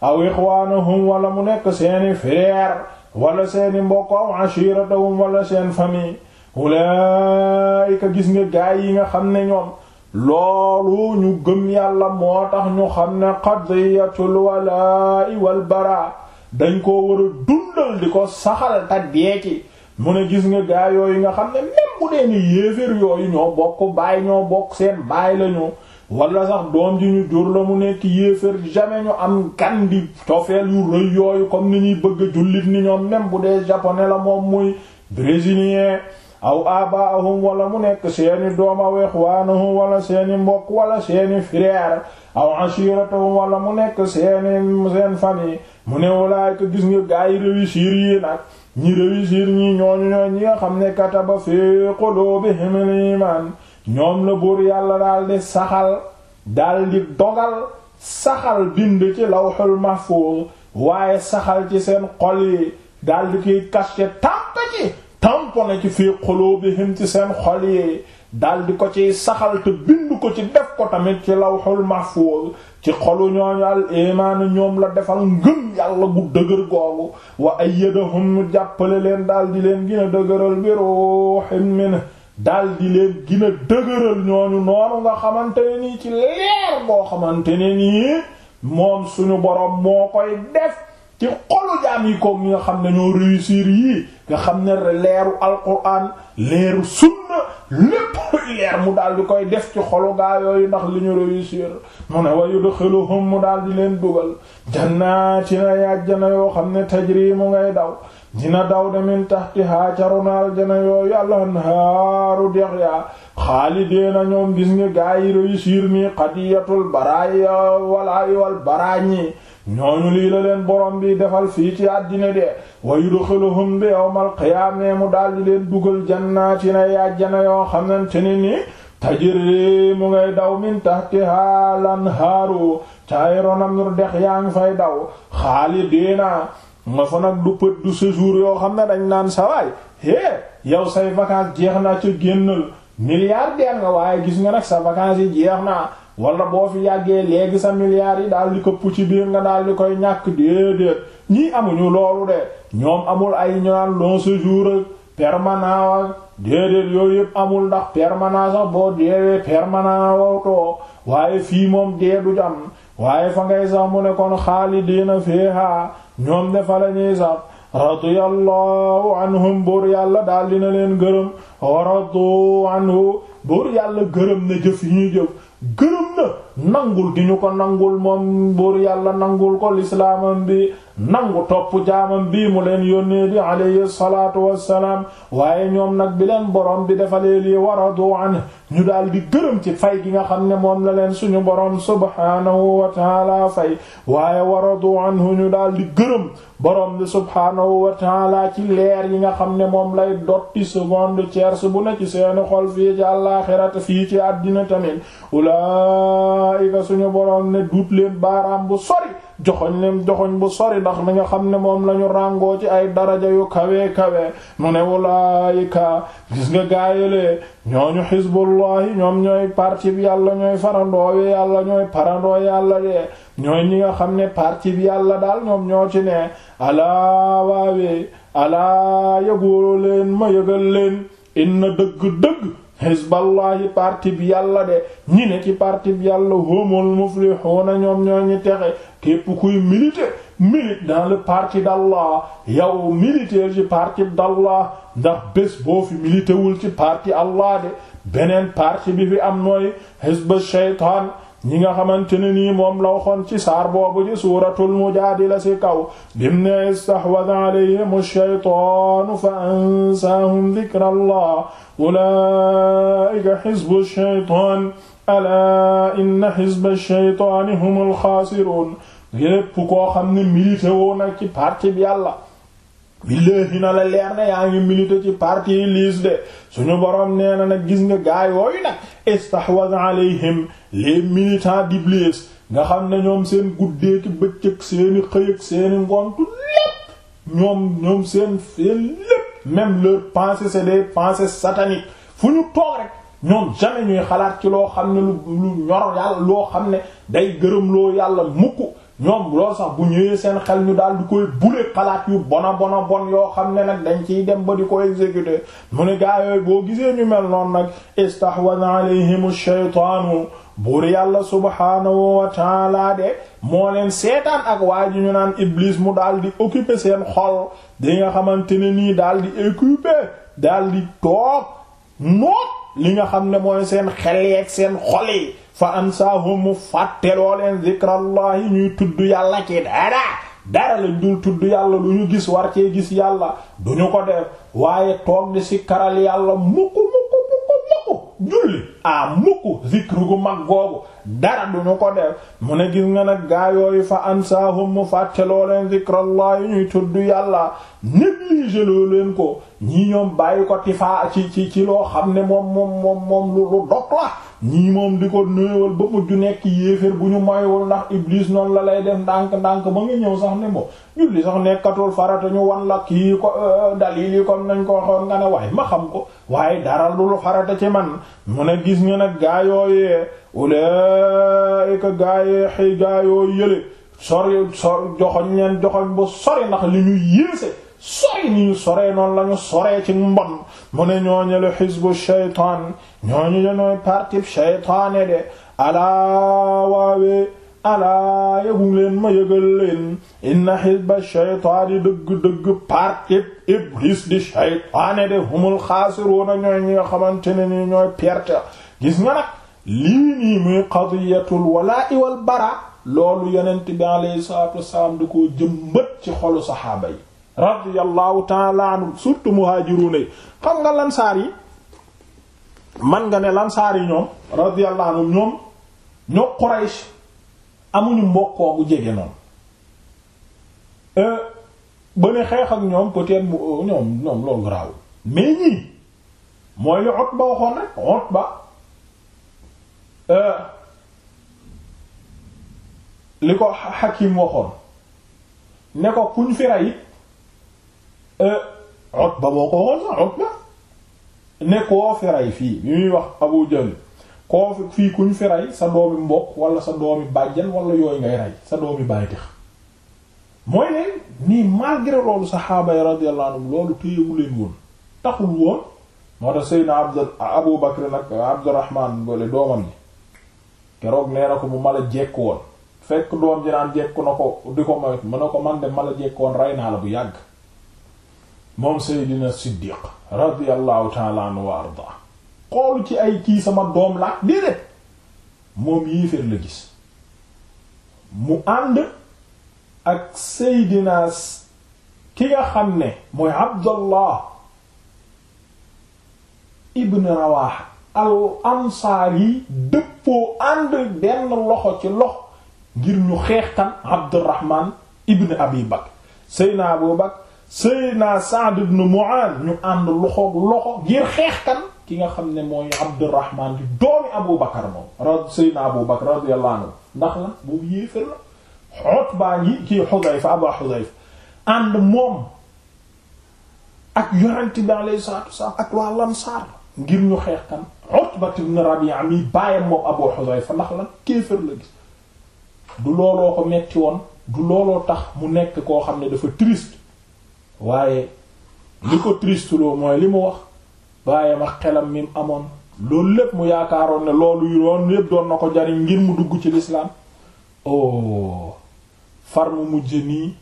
aw ixwaanahum wala mu nekk seeni frère wala seeni mbokk aw ashiratahum wala seen famille ulaayika gis nga gaay yi nga xam ne ñoom loolu ñu gëm yàlla moo tax ñu xam ne qadiyatul walaa'i wal baraa dañ koo war a dundal di ko saxal ta dee ci mu ne gis nga gaa yooyu nga xam ne même dee ni yéeféer yooyu ñoo bokk baay ñoo bokk seen baay lañu wala sax doom ji ñu jur la mu nekk yéeféer jamais ñu am gan di cofeel yu rëy yooyu comme ni ñuy bëgg jullit ni ñoom même bu dee japonais la moom muy brésilien aw abaahum walla mu nekk seeni doom aw ixwaanahum walla seeni mbokk wala seeni frère aw ashiratahum wala mu nekk seeni seen famille mu ne walaay ko gis nga gaa yi réussir yi nag ñi réussir ñi ñooñu ñooñ ñi nga xam ne kataba fi qulubihimul iman ñoom la buur yàlla daal di saxal daal di dogal saxal bind ci lawhul mahfuz waaye saxal ci seen xol yi daal di koy cacher tàmp ci tamponné ci fii qulubihim ci seen xol yi dal di ko ciy saxal te bind ko ci def ko tamit ci lawhul mahfuz ci xolu ñu al imaanu ñoom la defal ngëm yàlla gu dëgër googu wa ayyadahum jàppale leen daal di leen gën dëgëral bi ruhin min daal di leen gën a dëgëral ñooñu noonu nga xamante ne nii ci leer boo xamante ne nii moom suñu borom moo koy def ci xolu jaam yi ko mi xam ne ñoo réussir yii nga xam ne leeru alquran leeru sunna leer mu daal koy def ci xolu gaa yooyu ndax li ñu réussir mu ne wa yudxiluhum mu daal di leen dugal jannaatin ay ajjana yoo xam ne tajri ngay daw dina daw de min tahtiha carona aljana yooyu alanhaaru dex yaa xaalideena ñoom gis nga gaa yi réussir nii qadiyatul baraya wala wal ñooñu lii la leen borom bi defal fii ci àddina de wa yudxiluhum bi yawmal qiyaama mu daal di leen dugal jannaatin ay àjjana yoo xamante ne ni tajri mu ngay daw min tahtihaa lanhaaru caay ronam ñu dex yaa ngi fay daw xaalidiina nga fa nag du pët du séjour yoo xam ne dañ naan sawaay hee yow say vacances jeex na ci génnal milliardaire nga waaye gis nga nag sa vacances yi jeex na wala boo fi yàggee léegi sa milliards yi daal di këpp ci biir nga daal di koy ñàkk déedéet ñii amuñu loolu de ñoom amul ay ñu naan long ak permanent ak déedéet yooyu yëpp amul ndax permanent sax boo deewee permanent wawtoo waaye fii moom dee du am waaye fa ngay sax mu ne kon xaalidiina fiihaa ñoom dafa la ñuy sax radiyallahu anhum buur yàlla daal dina leen gërëm wa radu anhu buur yàlla gërëm na jëf yi ñuy jëf gërëm na nangul gi ñu ko nangul moom buur yàlla nangul ko lislaamam bi nangu topp jaamam bii mu leen yónnee di alayhi salaatu wassalaam waaye ñoom nag bi leen borom bi defalee lii waradu an ñu daal di gërëm ci fay gi nga xam ne moom la leen suñu boroom subhaanahu wa taala fay waaye waradu anhu ñu daal di gërëm borom bi subhaanahu wa taala ci leer yi nga xam ne moom lay dotti seconde tierce bu ne ci seeni xol fii ci àllaaxirata fii ci àddina tamit ulaayika suñu borom ne duut leen baaraam bu sori joxoñ leen joxoñ bu sori ndax li nga xam ne moom la ñu ràngoo ci ay daraja yu kawe kawe mu ne ulaayika gis nga gaayalee ñooñu xisbullahi ñoom ñooy parti bi yàlla ñooy farandoowe yàlla ñooy parandoo yàlla de ñooy ñi nga xam ne parti bi yàlla daal ñoom ñoo ci ne alaa waawee alaa yëgoo leen ma yëgal leen inna dëgg-dëgg xisballahi parti bi yàlla de ñi ci parti bi yàlla humul muflihuna ñoom ñoo ñi texe képp kuy militer milite dans le parti d'Allah yow militaire ci parti d'Allah ndax bés boo fi militewul ci parti Allah de beneen parti bi fi am nooy xisba shaytaan ñi nga xamante ne nii moom la waxoon ci saar boobu ci suuratul mujaadila si kaw bim ne istahwada alayhim shaytaanu fa ansaahum dhikrallah ulaa'ika hizbu shaytaan alaa inna hizba shaytaani humul xaasiruun lépp koo xam ne milité woon ak ci parti bi yàlla billaahi na la leer na yaa ngi milité ci parti liis de suñu boroom nee na na gis nga gaay yooyu nag istahwaza alayhim les di d'Iblis nga xam ne ñoom seen guddee ci bëccëg seeni xëy ak seeni ngontu lépp ñoom ñoom seen seen lépp même leurs pensées c'est des pensées sataniques fu ñu toog ñoom jamais ñuy xalaat ci loo xam ne lu lu ñor yàlla loo xam ne day gërëm loo yàlla mukk ñoom loolu sax bu ñëwee seen xel ñu daal di koy bule xalaat yu bona bona bon yoo xam ne nag dañ ciy dem ba di ko exécuter mu ne gaa boo gisee ñu mel noon nag istahwana alayhim ash-shaytaanu yàlla subhaanahu wa moo leen seetaan ak waa ji ñu naan iblis mu daal di occuper seen xol di nga xamante ne nii daal di occuper daal di toog noot li nga xam ne mooy seen xel yeeg seen xol yi fa ansaahum mu fàtteloo leen zikrallahi ñuy tudd yàlla ci dara dara lañ dul tudd yàlla lu ñu gis war cee gis yàlla ñu ko def waaye toog di sikkaral yàlla mukku mukku mukku mukku julli a mukku zikru gu mag googu dara duñu ko def mu ne gis nga nag gaa yooyu fa ansaahum mu fàtteloo leen zikrallahi ñuy tudd yàlla négligé loo leen ko ñii ñoom bàyyi ko tifaa ci ci ci loo xam ne moom moom moom lu lu dog ñii moom di ko néewal ba mujj nekk yéeféer bu ñu moywul ndax iblis noonu la lay def ndànk-ndànk ba nga ñëw sax ne moom julli sax nekkatul farata ñu wan la kii ko euh, dalil yi kon nañ ko xool nga ne waaye ma xam ko waaye dara lu farata ci man mu ne gis nga nag gaayooyee ulaika gaayee xëy gaayoo yële sori sor joxoñ leen joxoñ bu sori ndax li ñu yéese sori ni ñu soree noonu lañu soree ci mbon mu ne ñooñu la xisbu shaytaan ñooñu la ñooy shaytaane de alaa waawee alaa yëgu ma yëgal leen inna xisba shaytaani dëgg dëgg parti iblis di shaytaane de humul xaasiruuna ñooy ñi nga xamante ne ni ñooy perte gis nga nag lii nii muy qadiyatul walaa'i wal bara loolu yeneen bi alayhi salaatu wassalaam di ko jëmbat ci xolu saxaaba yi radiyallahu ta'ala anhu surtout muhaajiruuna yi xam nga lansaar yi man nga ne lansaar yi ñoom radiyallahu ñoom ñoo Quraysh amuñu mbokkoo bu jege noonu euh, ba ne xeex ak ñoom peut-être euh, ñoom ñoom loolu garaaw mais ñii mooy li Utba waxoon rek Utba euh, li ko Hakim waxoon ne ko kuñ fi rey Utba euh, moo ko woon na Utba ne koo fi rey fii yu ñuy wax Abu Jahl koo fi fii kuñ fi rey sa doomi mbokk wala sa doomi bàjjan wala yooyu ngay rey sa doomi bàyyi tax mooy leen nii malgré loolu saxaaba radiyallahu loolu téyewu leen woon taxul woon moo tax Seydina Abdul Abu Bakr nag Abdurrahman boole doomam ji keroog nee na ko bu mala jekk woon fekk doom ji naan na ko di ko moytu mu ne ko man de mala jekk woon rey naa la bu yàgg moom Seydina Siddiq radiyallahu ta'ala wa arda xoolu ci ay kii sama doom la déedéet moom yéeféer la gis mu ànd ak Seydina ki nga xam ne mooy Abdallah ibn Rawaha al ansaar yi dëppoo ànd benn loxo ci lox ngir ñu xeex tam Abdurrahman ibn Abi Bakr Seydina Abu Bakr Seydina Sa'd ibn Mu'adh ñu ànd loxoog loxo ngir xeex kan ki nga xam ne mooy Abdurrahman di doomi Abu Bakar moom ra Seydina Abu Bakar radiyallahu anhu ndax la boobu yéefér la Utba ngi kii Hudayfa Abu Hudayfa ànd moom ak yonent bi alayhi salaatu wasalaam ak waa Lamsaar ngir ñu xeex kan Utba ibn Rabi'a mi bàyyam moom Abu Hudayfa ndax la kéefér la gis du looloo ko metti woon du looloo tax mu nekk koo xam ne dafa triste waaye li ko tristeloo mooy li mu wax bàyyam ak xelam mi amoon loolu lépp mu yaakaaroon ne loolu yu doon yépp doon na ko jariñ ngir mu dugg ci lislaam oh far mu mujj nii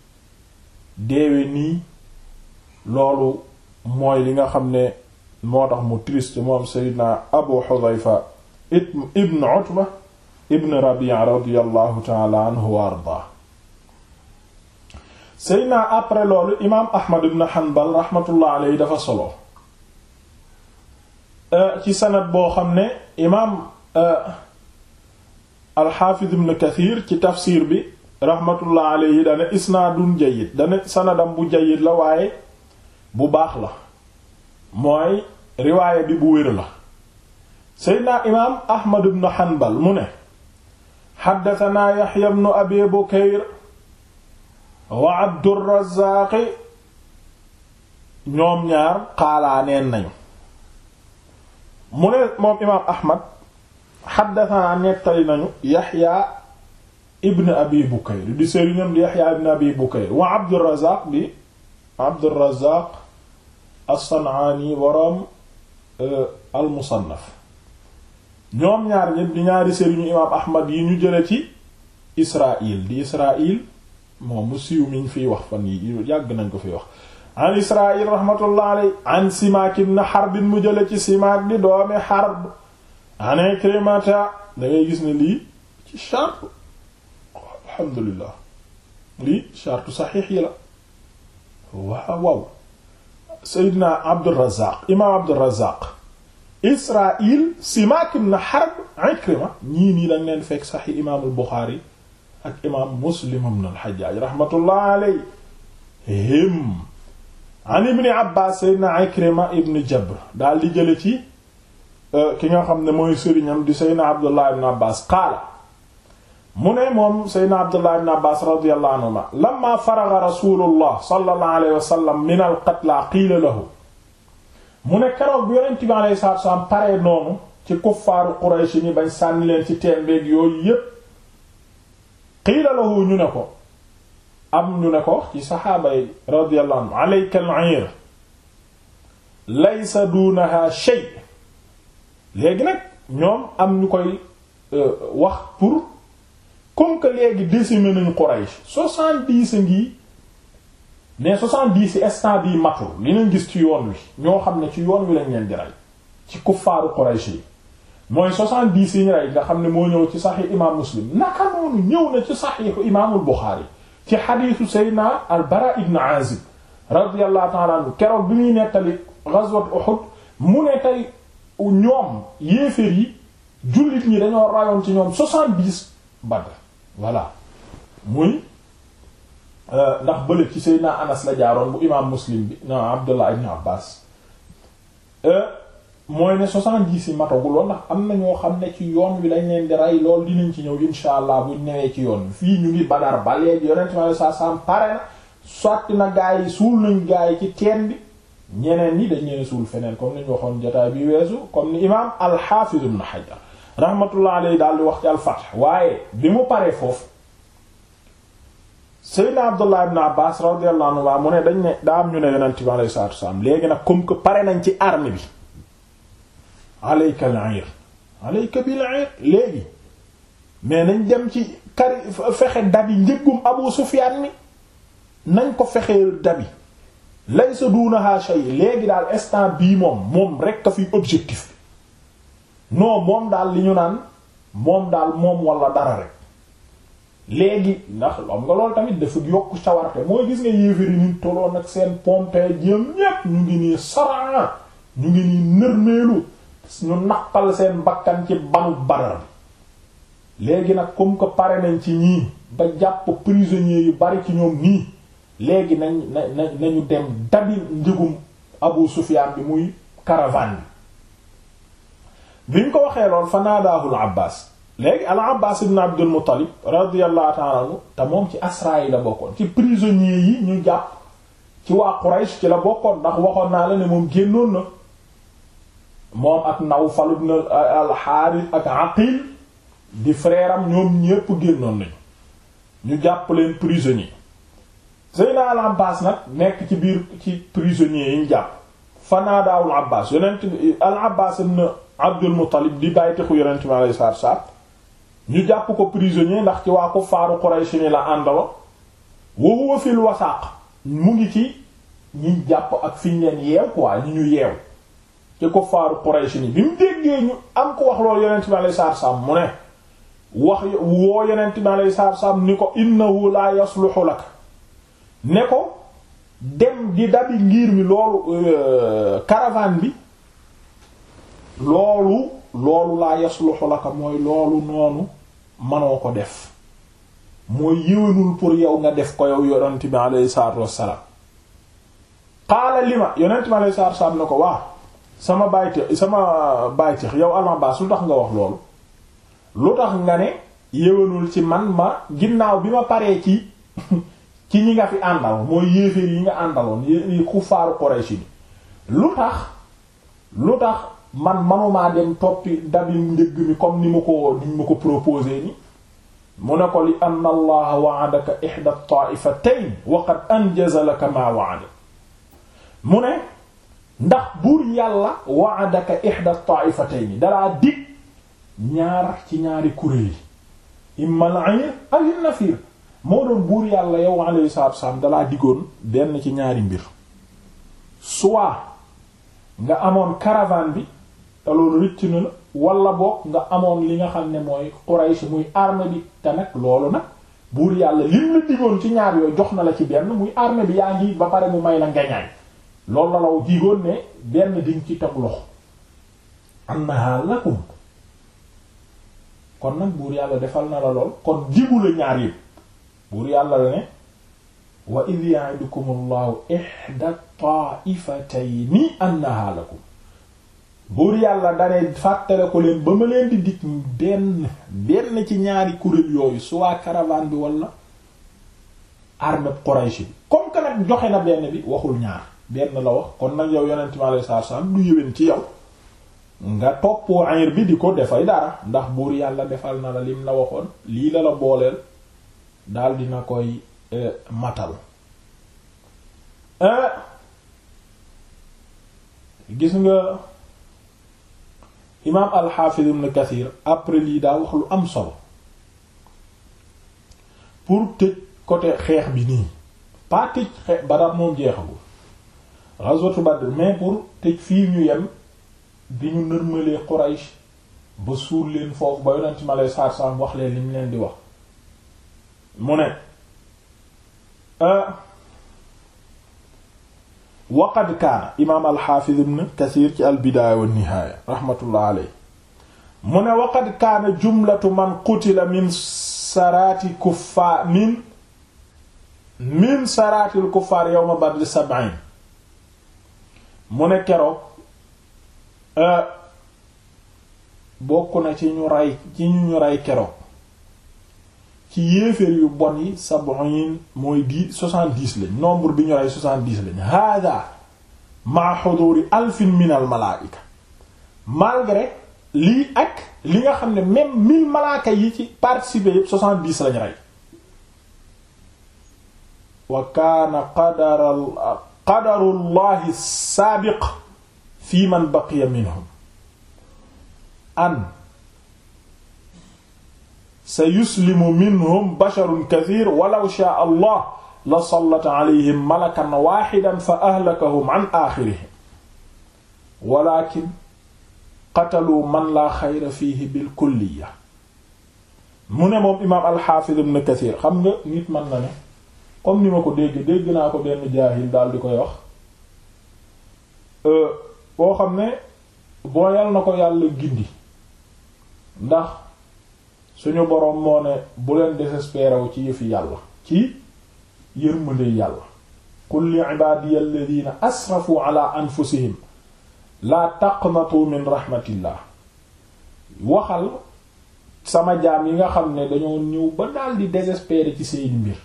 deewe nii loolu mooy li nga xam ne moo tax mu triste moom Seydina Abu Hudhayfa ibn Utba ibn Rabi'a radiyallahu ta'ala anhu wa Seyna après loolu imaam Ahmad ibn Hanbal rahmatullah alayhi dafa solo euh, ci sanad boo xam ne imaam euh, al-Hafiz ibn ci tafsir bi rahmatullah alayhi dana isnaadun jayyid dana sanadam bu jayyid la waaye bu baax la mooy riwaaya bi bu wér la Seyna imaam Ahmad ibn Hanbal mu ne haddathanaa Yahya ibn Abi Bukayr wa Abdurrazaaq ñoom ñaar xaalaaneen nañu mu ne moom imaam Ahmad xaddasanaa nettali nañu Yaxya ibn Abi Bukayr di sëriñam di Yaxya ibn Abi Bukayr wa Abdurrazaaq bi Abdurrazaaq as-San'aani boroom euh, al-Musannaf ñoom ñaar ñépp di ñaari sëriñu imaam Ahmad yi ñu jële ci Israaïl di Israaïl moom mu siiw miñ fiy wax fan yi yàgg nañ ko fiy wax an israil rahmatullah aley an simaak ibn harb mu jële ci simaak di doomi harb an ikrimata da ngay gis ni lii ci charte alhamdulillah lii charte saxiix yi la waaw waaw seydna abdurazaq imaam abdurazaq israil simaak ibn harb ikrima ñii nii dañ leen fekk saxiix imaamul buxaari ak imaam muslim ibn al-Hajjaj rahmatullah alayhim an ibni abbas seydna ikrima ibn jabr daal di jële ci euh, ki nga xam ne mooy sëriñam di seydna abdullah ibn abbas qaala mu ne moom seydna abdullah ibn abbas radiyallahu anhuma lamma faraga rasulullah sallallahu alayhi wa sallam min al qiila lahu mu ne keroog bi yonent salaatu salaam paree noonu ci kuffaaru quraysh ni bañ sànni leen ci teen yooyu yépp qiila lahu ñu ne ko am ñu ne ko wax ci saxaaba yi radiyallahu anhu alayka al-ayr laysa duunaha shay léegi nag ñoom am ñu koy euh, wax pour comme que léegi décimé nañu Quraysh soixante-dix ngi mais soixante-dix yi instant matul li nañ gis ci yoon wi ñoo xam ne ci yoon wi lañ leen di ci kuffaaru Quraysh yi mooy soixante-dix yi ñu nga xam ne moo ñëw ci saxiix imaam muslim naka noonu ñëw na ci saxiixu imaamul buxaari ci xadiisu seydna al bara ibn azib radiyallahu ta'ala anhu keroog bi ñuy nettali ghazwat uhud mu ne tey ñoom yéeféer yi jullit ñi dañoo rayoon ci ñoom soixante-dix Badr voilà muy euh, ndax bële ci seydna anas la jaaroon bu imaam muslim bi na abdullah ibn abbas euh, mooy ne soixante-dix yi matagul woon ndax am na ñoo xam ne ci yoon wi lañ leen di rey loolu dinañ ci ñëw insha allah buñ newee ci yoon wi fii ñu ngi badar ba léegi yonent ma sa sam pare na sotti na gaa yi suul nañ gaa yi ci teen bi ñeneen ñi dañ leen suul feneen comme niñ waxoon jotaay bi weesu comme ni imaam al-Hafiz ibn Hajar rahmatullah alayhi daal di wax ci al waaye bi mu paree foofu Seydina Abdullah ibn Abbas radiyallahu anhu mu dañ daa am ñu ne yonent bi alayhi salaatu wa salaam léegi nag comme que pare nañ ci armée bi alayka al-ayr alayka léegi mais nañ dem ci kari fexe dabi njëggum Abu Sufyaan mi nañ ko fexee dabi laysa duunahaa shay léegi daal instant bii moom moom rekk a fi objectif bi non moom daal li ñu naan moom daal moom walla dara rek léegi ndax am nga loolu tamit dafa yokk sawarte mooy gis nga yéeféri ni toloon ak seen pompe jëm ñépp ñu ngi nii saraa ñu ngi nii nërmeelu ñu naqal seen bakkan ci banu Badar bi léegi nag comme que pare nañ ci ñii ba jàpp prisonniers yu bari ci ñoom nii léegi nañ na nañu dem dabi njëgum Abu Sufyaan bi muy caravane bi bi ñu ko waxee lool fa naadaahul Abbaas léegi al Abbaas ibn Abdul Muttalib radiyallahu ta'ala anhu te moom ci asra yi la bokkoon ci prisonniers yi ñu jàpp ci waa Quraysh ci la bokkoon ndax waxoon naa la ne moom génnoon na moom ak Nawfal ibn al-Harith ak Aqil di frère am ñoom ñépp génnoon nañu ñu jàpp leen prisonnier Seydina al Abbas nag nekk ci biir ci prisonnier yi ñu jàpp fanaa daawul Abbas yonent al Abbas ibn Abdul Muttalib di bàyyitixu yonent bi alayhi salaatu salaam ñu jàpp ko prisonnier ndax ci waa ko faaru Quraysh ni la àndalo wa huwa fil wasaaq mu ngi ci ñi jàpp ak fi ñu leen yeew quoi ñi ñu yeew ci kuffaaru Quraysh ni bi mu déggee ñu am ko wax loolu yonent bi alayhi salaatu salaam mu ne wax woo yonent bi alayhi salaatu salaam ni ko innahu laa yasluhu lak ne ko dem di dabi ngir mi loolu euh, caravane bi loolu loolu laa yasluhu laka mooy loolu noonu manoo ko def mooy yéwénul pour yow nga def ko yow yonent bi alayhi salaatu wassalaam qaala lima yonent bi alayhi salaatu salaam ne ko waaw sama bayti sama bayti yow al-Abbaas lu tax nga wax loolu lu tax nga ne yéwénul ci man ma ginnaaw bi ma paree ci ci ñi nga fi àndal mooy yéeféer yi nga àndaloon yéeféer kuffaaru Quraysh ni lu tax lu tax man manumaa dem toppi dabi njëgg mi comme ni mu ko ni mu ko proposé ni mu ne ko li anna allaha wa'adaka ihda at-ta'ifatayn wa qad anjaza mu ne ndax buur yàlla wa'adaka ihda ta'ifatayni dalaa dig ñaar ci ñaari kuréel yi immal ayr ahin nafir moo doon buur yàlla yow alayhi salaatu wassalaam dalaa digoon benn ci ñaari mbir soit nga amoon caravane bi te loolu rëcc na la wala boog nga amoon li nga xam ne mooy Quraysh muy armée bi te nag loolu nag buur yàlla lim la digoon ci ñaar yooyu jox na la ci benn muy armée bi yaa ngi ba pare mu may la ngañaay loolu la law jigoon ne benn diŋ ci teg loxo annaha lakum kon nag buur yàlla defal na la lool kon jibu la ñaar yépp buur yàlla la ne wa id ya'idukumullahu ihda ta'ifatayni annaha lakum buur yàlla dane fàttale ko leen ba ma leen di dig benn benn ci ñaari kuréel yooyu soit caravane bi walla armée Quraysh bi comme que nag joxe na benn bi waxul ñaar benn la wax kon nag yow yonent mi alayhi salaatu salaam du yéwén ci yow nga topp ayir bi di ko defay dara ndax buur yàlla defal na la lim la waxoon lii la la booleel daal dina koy eh, matal eh, gis nga imaam alxaafiz ibn kathir après lii daa wax lu am solo pour tëj côté xeex bi nii pas tëj xeex ba dara moom jeexagul ghazwatu Badr mais pour tëj fii ñu yem bi ñu nërmalee Quraysh ba suur leen foofu ba yonent mi aleyhi salaatu wax leen li leen di wax mu ne waqad kaana imaam alxaafiz ibn kasiir ci albidaaya wa nihaaya raxmatullah aley mu ne waqad kaana jumlatu man qutila min saraati kuffaar min min saraatil kuffaar yawma badr sab'iin mu ne keroog euh, bokk na ci ñu rey ci ñu ñu rey keroog ci yéeféer yu bon yi sab'in mooy dix lañ nombre bi ñu rey soixante-dix lañ hada ma huduri alfin lii ak li nga xam ne même mille malaaka yi ci participer yépp soixante-dix lañ rey wa kaana qadara qadarullahi saabiq fi man baqiya minhum an sa yuslimu minhum basharun kathir walaw shaa allah la sallata alayhim malakan waaxidan fa ahlakahum an aaxirihim walakin qataluu man laa xayra fiihi bil kulliya mu ne moom imaam alxaafid ibn kathir xam nga nit mën na ne comme ni ma ko dégg dégg naa ko benn jaahil daal di koy wax euh, boo xam ne boo yàlla na ko yàlla gindi ndax suñu boroom moo ne bu leen désespéré ci yëfi yàlla ci yërmande yàlla qul li ibadiya alladhina asrafu ala anfusihim laa taqnatu min rahmatillah waxal sama jaam yi nga xam ne dañoo ñëw ba daal di désespéré ci seen mbir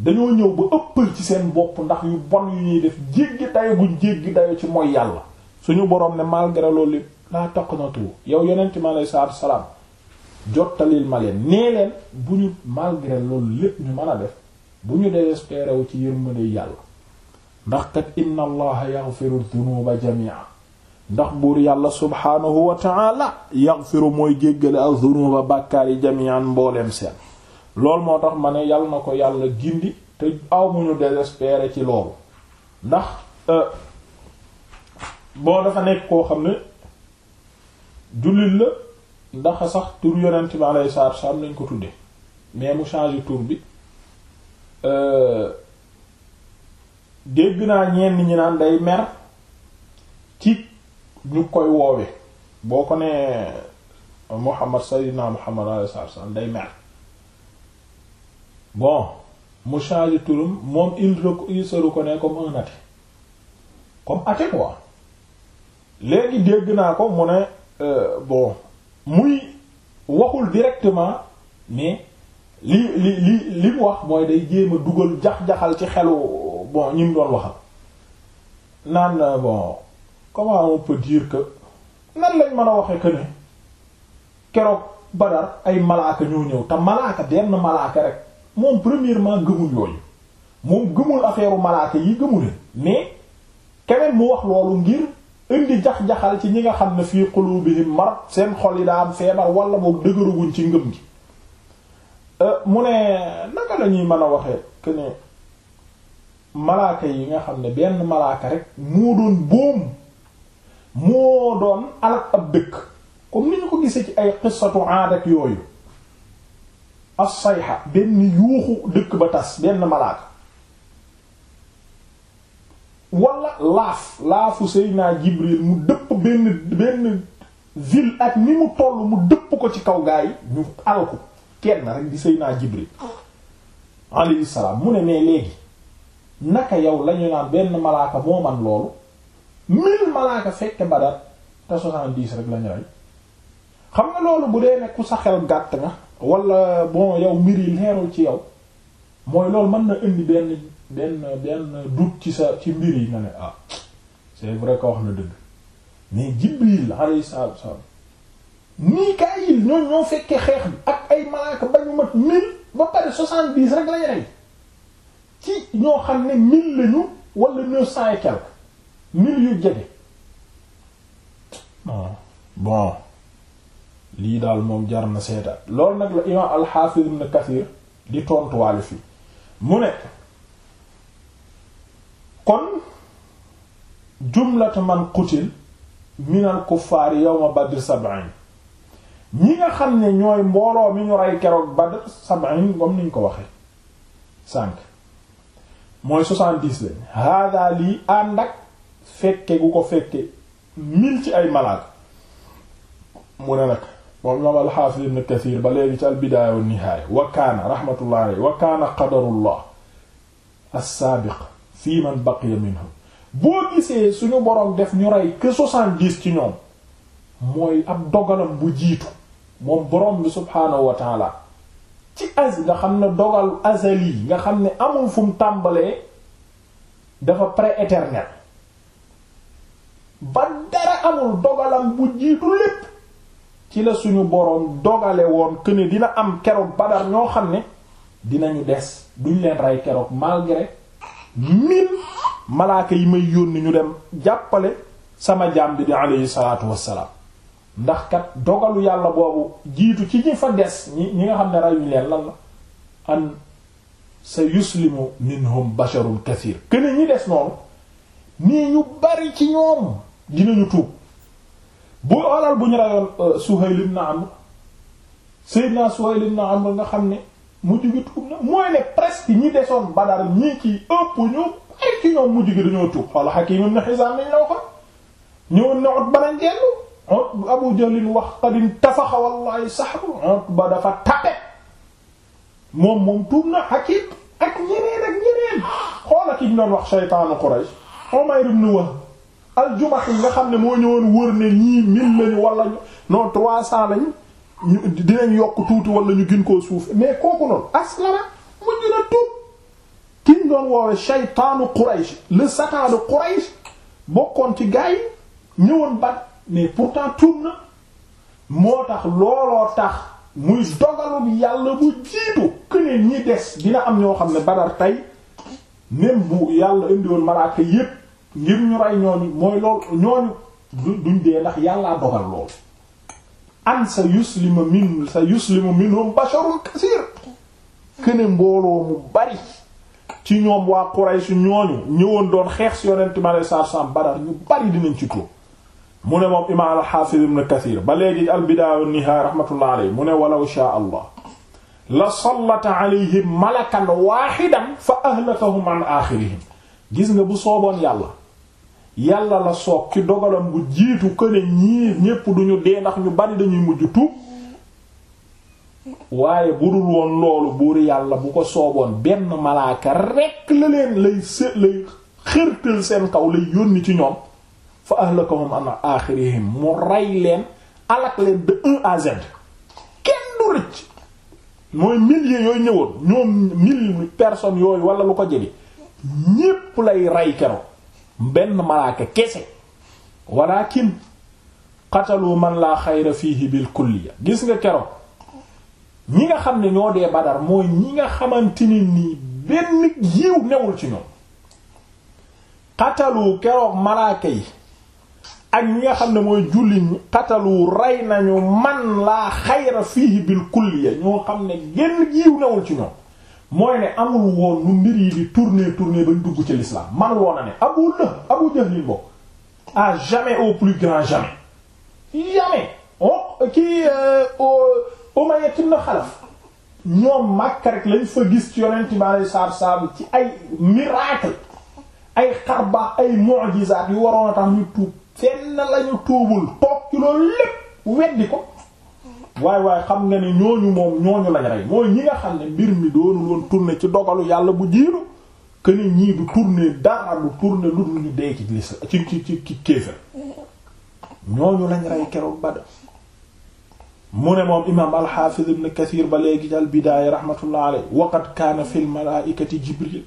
dañoo ñëw ba ëppal ci seen bopp ndax yu bon yu ñuy def jéggi dayo buñ jéggi dayo ci mooy yàlla suñu boroom ne malgré loolu laa taqnatu yow yonent mi aleyhi salaatu salaam jottalil ma leen nee leen bu ñu malgré loolu lépp ñu mën a def bu ñu désespéré wu ci yërmande yàlla ndax kat inna allaha yaghfiru dhunuba jami'a ndax buur yàlla subhaanahu wa ta'ala mooy jéggale ak dhunuba bàkkaar yi jami'an mbooleem seen loolu moo tax ma ne yàlla na ko yàlla gindi te aw mu ñu désespéré ci loolu ndax euh, boo dafa nekk koo xam ne jullit la ndaxa sax tur yonent bi alayhi salaatu wasallam lañ ko tuddee mais mu change tur bi euh, dégg naa ñenn ñi naan day mer ci ñu koy woowe boo ko nee Muhammad sayyidina Muhammad alayhi salaatu wasallam day mer. bon mu changé turam moom il il se reconnaît comme un athée comme athée quoi léegi dégg naa ko mu ne euh, bon muy waxul directement mais li li li li mu wax mooy day jéem a dugal jax-jaxal ci xelu bon ñi mu doon waxal naan euh, bon comment on peut dire que lañ mën a waxee kë ne keroog Badar ay malaaka ñoo ñëw te malaaka benn malaaka rek moom premièrement gëmul yooyu moom gëmul affaire malaaka yi gëmu leen mais keneen mu wax loolu ngir indi jax-jaxal ci ñi nga xam ne fii bi marad seen xol yi daa am feebar wala boog dëgëraguñ ci ngëm gi euh, mu ne naka lañuy ñuy mën a waxee que ne malaaka yi nga xam ne benn malaaka rek moo doon boom moo doon alak ab dëkk comme ni ñu ko gisee ci ay qissatu aad ak yooyu as-sayha benn yuuxu dëkk ba tas benn malaaka wala laaf laafu Seydina Jibril mu dëpp benn benn ville ak ni mu toll mu dëpp ko ci kaw gaa yi ñu alku kenn rek di Seydina Jibril alayhi salaam mu ne nee léegi naka yow lañu naan benn malaaka moo man loolu mille malaaka fekke Badar te soixante-dix rek lañu rey xam nga loolu bu dee ne ku sa xel gàtt nga wala bon yow mbir yi leerul ci yow mooy lool mën na indi benn benn benn doute ci sa ci mbir yi nga ne ah c'est vrai que wax na dëgg mais Jibril alayhi salaatu wasallam Mikaayil ñoo ñoo fekkee xeex bi ak ay malaaka ba ñu mat mille ba pare soixante-dix rek lañ rey ci ñoo xam ne mille lañu wala neuf cent et quelque mille yu jege ah, bon lii daal moom jar na seetaat lool nag la imaam alxaafiz ibn kathir di tontuwaale fii mu ne kon jumlatu man qutil minal kuffaar yawma badr sab'in ñi nga xam ne ñooy mbooloo mi ñu rey keroog badr sab'in comme niñ ko waxe sànq mooy soixante-dix lañ hada lii ànd ak fekke gu ko fekke mil ci ay malaat mu ne nag moom imaam alxaafis ibn kathir ba léegi ci albidaaya wa nihaaya wa kaana rahmatullah aley wa kaana qadarullah assaabiq fii man baqiya minhum boo gisee suñu boroom def ñu rey que soixante ci ñoom mooy ab dogalam bu jiitu moom boroom bi subhaanahu wa ci az nga xam ne dogal azali nga xam ne amul fum mu tàmbalee dafa prééternel ba dara amul dogalam bu jiitu lépp ci la suñu boroom dogale woon ne dina am keroog Badar ñoo xam ne dinañu des duñ leen rey keroog malgré mille malaaka yi may yónni ñu dem jàppale sama jaam bi di alayhi salaatu wassalaam ndax kat dogalu yàlla boobu jiitu ci ñi fa des ñi ñi nga xam ne reyuñ leen lan la an sa yuslimu minhum basharun kathir kene ñi des noonu nii ñu bari ci ñoom dinañu tuub bu alal bu ñu rayoon euh, Suhayl ibn Amr Seydina Suhayl ibn Amr nga xam ne mu gi tuub na mooy ne presque ñi desoon Badar ñii ki ëpp ñoom ay ci ñoom mujj gi dañoo tuub walla Hakim ibn Hizam nañ la waxoon ñëwoon ne ot banañ dellu ot Abu Jahl wax xadim tafaxa wallahi sahbu ot ba dafa tape moom moom tuub na ak ñeneen ak ñeneen xoola ki ñu doon wax shaytaanu Quraysh Umayr ibn Wahb aljumax yi nga xam ne moo ñëwoon wër ne ñii mille lañu wala non trois cents lañu dinañ yokk tuuti wala ñu gin koo suuf mais kooku noonu aslara mujj na tuub kiñ doon woowe shaytaanu Quraysh le satan de bokkoon ci gaa ñëwoon bat mais pourtant tuub na moo tax looloo tax muy dogalu yàlla bu jiitu que ne ñi des dina am ñoo xam ne Badar tey même bu yàlla woon malaaka yépp ngir ñu rey ñooñu mooy lool ñooñu duñ dee ndax yàllaa dogal lool an sa yuslima min sa yuslima minhum basharun kasiir këne mbooloo mu bari ci ñoom waa Quraysh ñooñu ñëwoon doon xeex si yonent mi alayhi salaatu salaam Badar ñu bari dinañ ci tuub mu ne moom imaam al-Hafiz ibn ba léegi al-Bidaaya wan-Nihaaya rahmatullah mu ne walaw shaa Allah la sallata alayhim malakan waahidan fa ahlakahum an aaxirihim gis nga bu sooboon yàlla yàlla la soog ci dogalam bu jiitu que ne ñii ñépp duñu dee ndax ñu bari dañuy mujj tuub waaye bu dul woon loolu buur yàlla bu ko sooboon benn malaaka rekk la leen lay se lay xërtal seen kaw lay yónni ci ñoom fa ahlakahum an axirihim mu rey leen alak leen de un à kenn du rëcc mooy milliers yooyu ñëwoon ñoom mille personnes yooyu wala lu ko jege ñépp lay rey keroog benn malaaka kese walakin xatalu man laa xayra fiihi bil kulliya gis nga keroog ñi nga xam ne ñoo dee badar mooy ñi nga xamante ni nii benn yiw newul ci ñoom qatalu keroog malaaka yi ak ñi nga xam ne mooy jullit ñi qatalu rey nañu man laa xayra fiihi bil kulliya ñoo xam ne genn yiw newul ci ñoom mooy ne amul woon lu mbir yi di tourner tourner bañ dugg ci l'islam man woon na ne Abu Lahab Abu Jahl bokk à jamais au plus grand jamais jamais oh kii euh, Umayya ibn Khalaf ñoom Makka rek lañ fa gis ci yonent bi alayhi salaatu salaam ci ay miracle ay xarbaax ay mu'jizaat yu waroon a tax ñu tuub fenn lañu tuubul toog ci loolu lépp weddi ko waay waay xam nga ne ñooñu moom ñooñu lañ rey mooy ñi nga xam ne mbir mi doonul woon tourner ci dogalu yàlla bu jiitu que ni ñii du tourner dara du tourner lu dul ñu dee ci lisa ci ci ci kéefër ñooñu lañ rey keroog Badr mu ne moom imaam al-Hafiz ibn Kathir ba léegi ci al-Bidaaya rahmatullah alayhi wa qad kaana fil malaa'ikati Jibril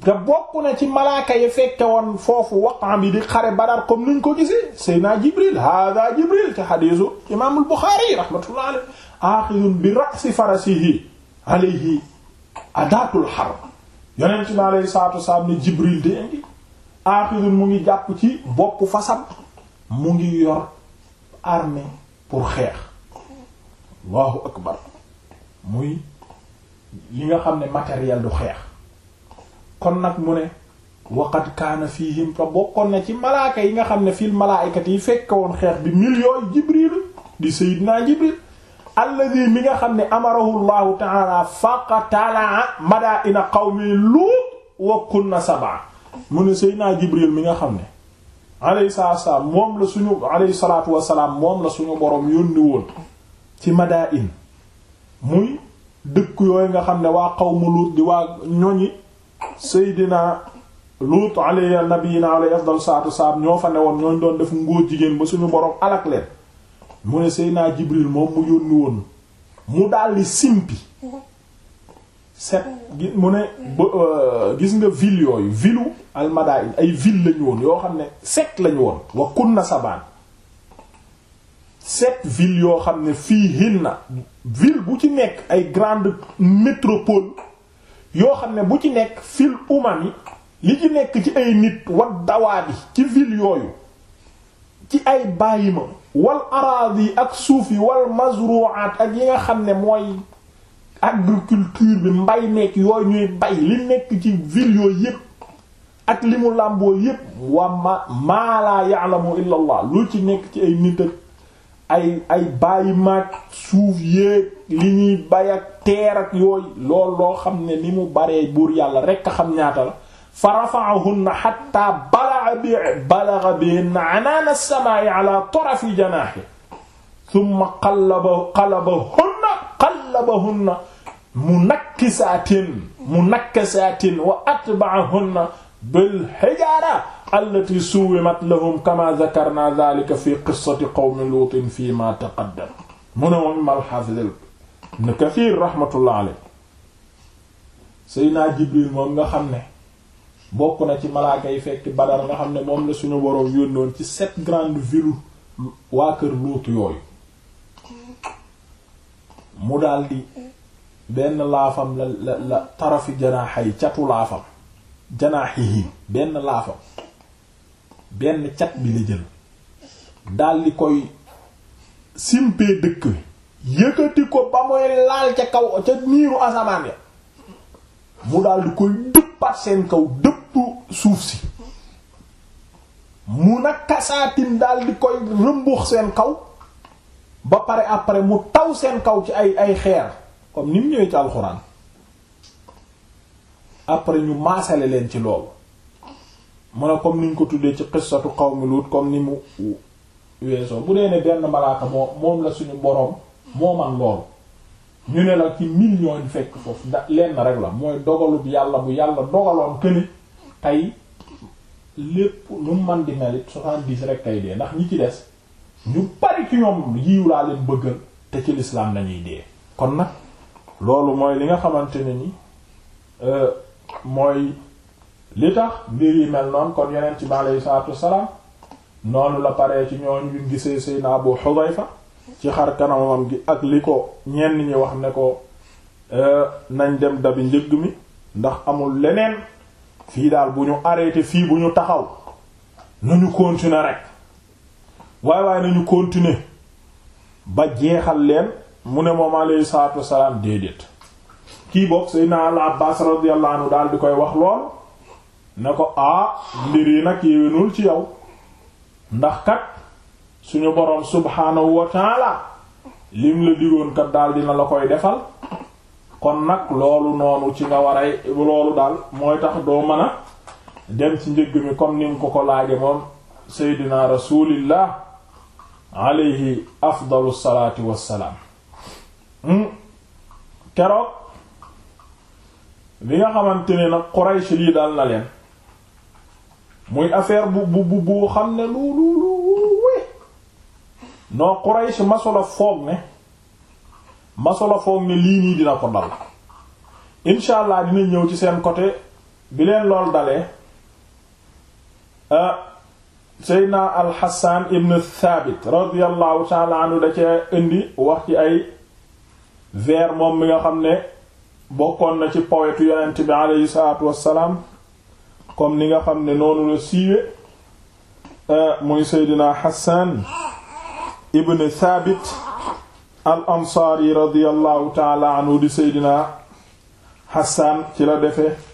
te bokk na ci malaaka yi fekke woon foofu waqam bi di xare Badar comme niñ ko gisee Seydina Jibril hada Jibril ci hadiisu imaamul Buxaari rahmatullahi alayhi bi ra'si farasihi alayhi adaatul harb yonent bi alayhi salaatu wasalaam ne Jibril mu ngi jàpp ci bopp fasam mu ngi yor armée pour xeex Allahu akbar muy li nga xam ne matériel du xeex kon nag mu ne waqad kaana fihim te bokkoon na ci malaaka yi nga xam ne fii malaaykati yi fekke woon xeex bi million jibril di sayyidina jibril alladi mi nga xam ne amarahu llahu taala faqatalaa madaina qawmi luut wa na sab'a mu ne sayyidina jibril mi nga xam ne alayhi salaatu wasalaam moom la suñu alayhi salaatu wasalaam moom la suñu boroom yónni woon ci mu muy dëkk yooyu nga xam ne waa qawmu luut di waa ñoñi Seydina Luut alayhi nabiyina alayhi afdal salaatu wasalaam ñoo fa newoon ñoo doon def ngóor jigéen ba suñu boroom alak leen mu ne Seydina Jibril moom mu yónni woon mu daldi simpi set gi mu ne ba euh, gis nga ville yooyu villu almadain ay ville lañu woon yoo xam ne set lañu woon wa kunna sabaan sept villes yoo xam ne fii hinna ville bu ci nekk ay grande métropole yoo xam ne bu ci nekk fil umami li ci nekk ci ay nit wat dawaa bi ci ville yooyu ci ay bàyyima wal araadi ak suuf yi wal mazru'at ak yi nga xam ne mooy agriculture bi mbay nekk yooyu ñuy bay li nekk ci ville yooyu yépp ak li mu làmboo yépp wa ma maa laa ya'lamu illa Allah ci nekk ci ay nit ak ay ay bàyyi maag suuf yéeg li ñuy bay ak teer ak yooyu lool loo xam ne ni mu baree buur yàlla rekk a xam ñaata la fa rafa'ahunna hatta balagha bi balagha bihinna anaana as-samaa'i ala tarafi janaahi thumma qallaba qalabahunna qallabahunna munakkisaatin munakkisaatin wa atba'ahunna bil hijaara allati suwimat lahum kama dhakarna dhalika fi qissati qawmi luutin fi ma taqaddam mu ne moom imaam al-Hafiz ibn Kathir rahmatullah alayhi Seydina Jibril moom nga xam ne bokk na ci malaaka yi fekk Badar nga xam ne moom la suñu boroom yónnoon ci sept grandes villes waa kër Luut yooyu mu daldi benn laafam la la tarafi janaaxa catu laafam janaahihim benn laafa benn cat bi la jël dal di koy simpee dëkk bi yëkkati ko ba mooy laal ca kaw ca niiru asamaan ya mu dal di koy dëppaat seen kaw dëpp suuf si mu nag kasaatin dal di koy rëmbux seen kaw ba pare après mu taw seen kaw ci ay ay xeer comme ni mu ñëwee ci alxuraan après ñu maasale leen ci loolu mu ne comme niñ ko tuddee ci qissatu qawmi Lut comme ni mu weesoo bu dee ne benn malaaka moo moom la suñu boroom moo man loolu ñu ne la ci million ñu fekk foofu da lenn rek la mooy dogalub yàlla bu yàlla dogaloon këni tey lépp lu man di melit soixante-dix rek tey dee ndax ñi ci des ñu bari ci ñoom yiw laa leen bëggal te ci lislaam lañuy dee kon nag loolu mooy li nga xamante ne ni euh, mooy li tax mbir yi mel noonu kon yeneen ci bi aleyhi salaatu wassalaam noonu la paree ci ñooñu ñu gisee naa Seydina Abu fa ci xar kanamam gi ak li ko ñenn ñi wax ne ko euh, nañ dem dabi njëgg mi ndax amul leneen fii daal bu ñu arrêté fii bu ñu taxaw nañu continuer rek waaye waaye nañu continuer ba jeexal leen mu ne moom aleyhi salaatu wassalaam déedéet kii boog al Abbaas radiyallahu anhu daal di koy wax lool ne ko a ah, mbir yi nag yéwénul ci yow ndax kat suñu boroom subhaanahu wa lim la digoon kat daal dina la koy defal kon nag loolu noonu ci nga war loolu daal mooy tax doo mën a dem ci njëgg mi comme ni ko ko laaje moom Seydina rasulillah alayhi afdalu salaatu wassalaam hmm? keroog li nga xamante ne nag Quraysh lii daal na leen muy affaire bu bu bu xam ne lu lu lu we noo Quraysh masolo foog ne masolo foog ne lii nii dina ko dal incha allah dina ñëw ci seen côté bi leen lool dalee euh, Seydina Al-Hassan ibn Thabit radiyallahu ta'ala da cee indi wax ci ay vers moom mi nga xam ne bokkoon na ci poète yonent bi aleyhi salaatu wassalaam comme ni nga xam ne noonu la siiwe euh, muy seydina Hassan ibn Thabit al ansaari radiyallahu taala anhu di seydina Hassan ci la defe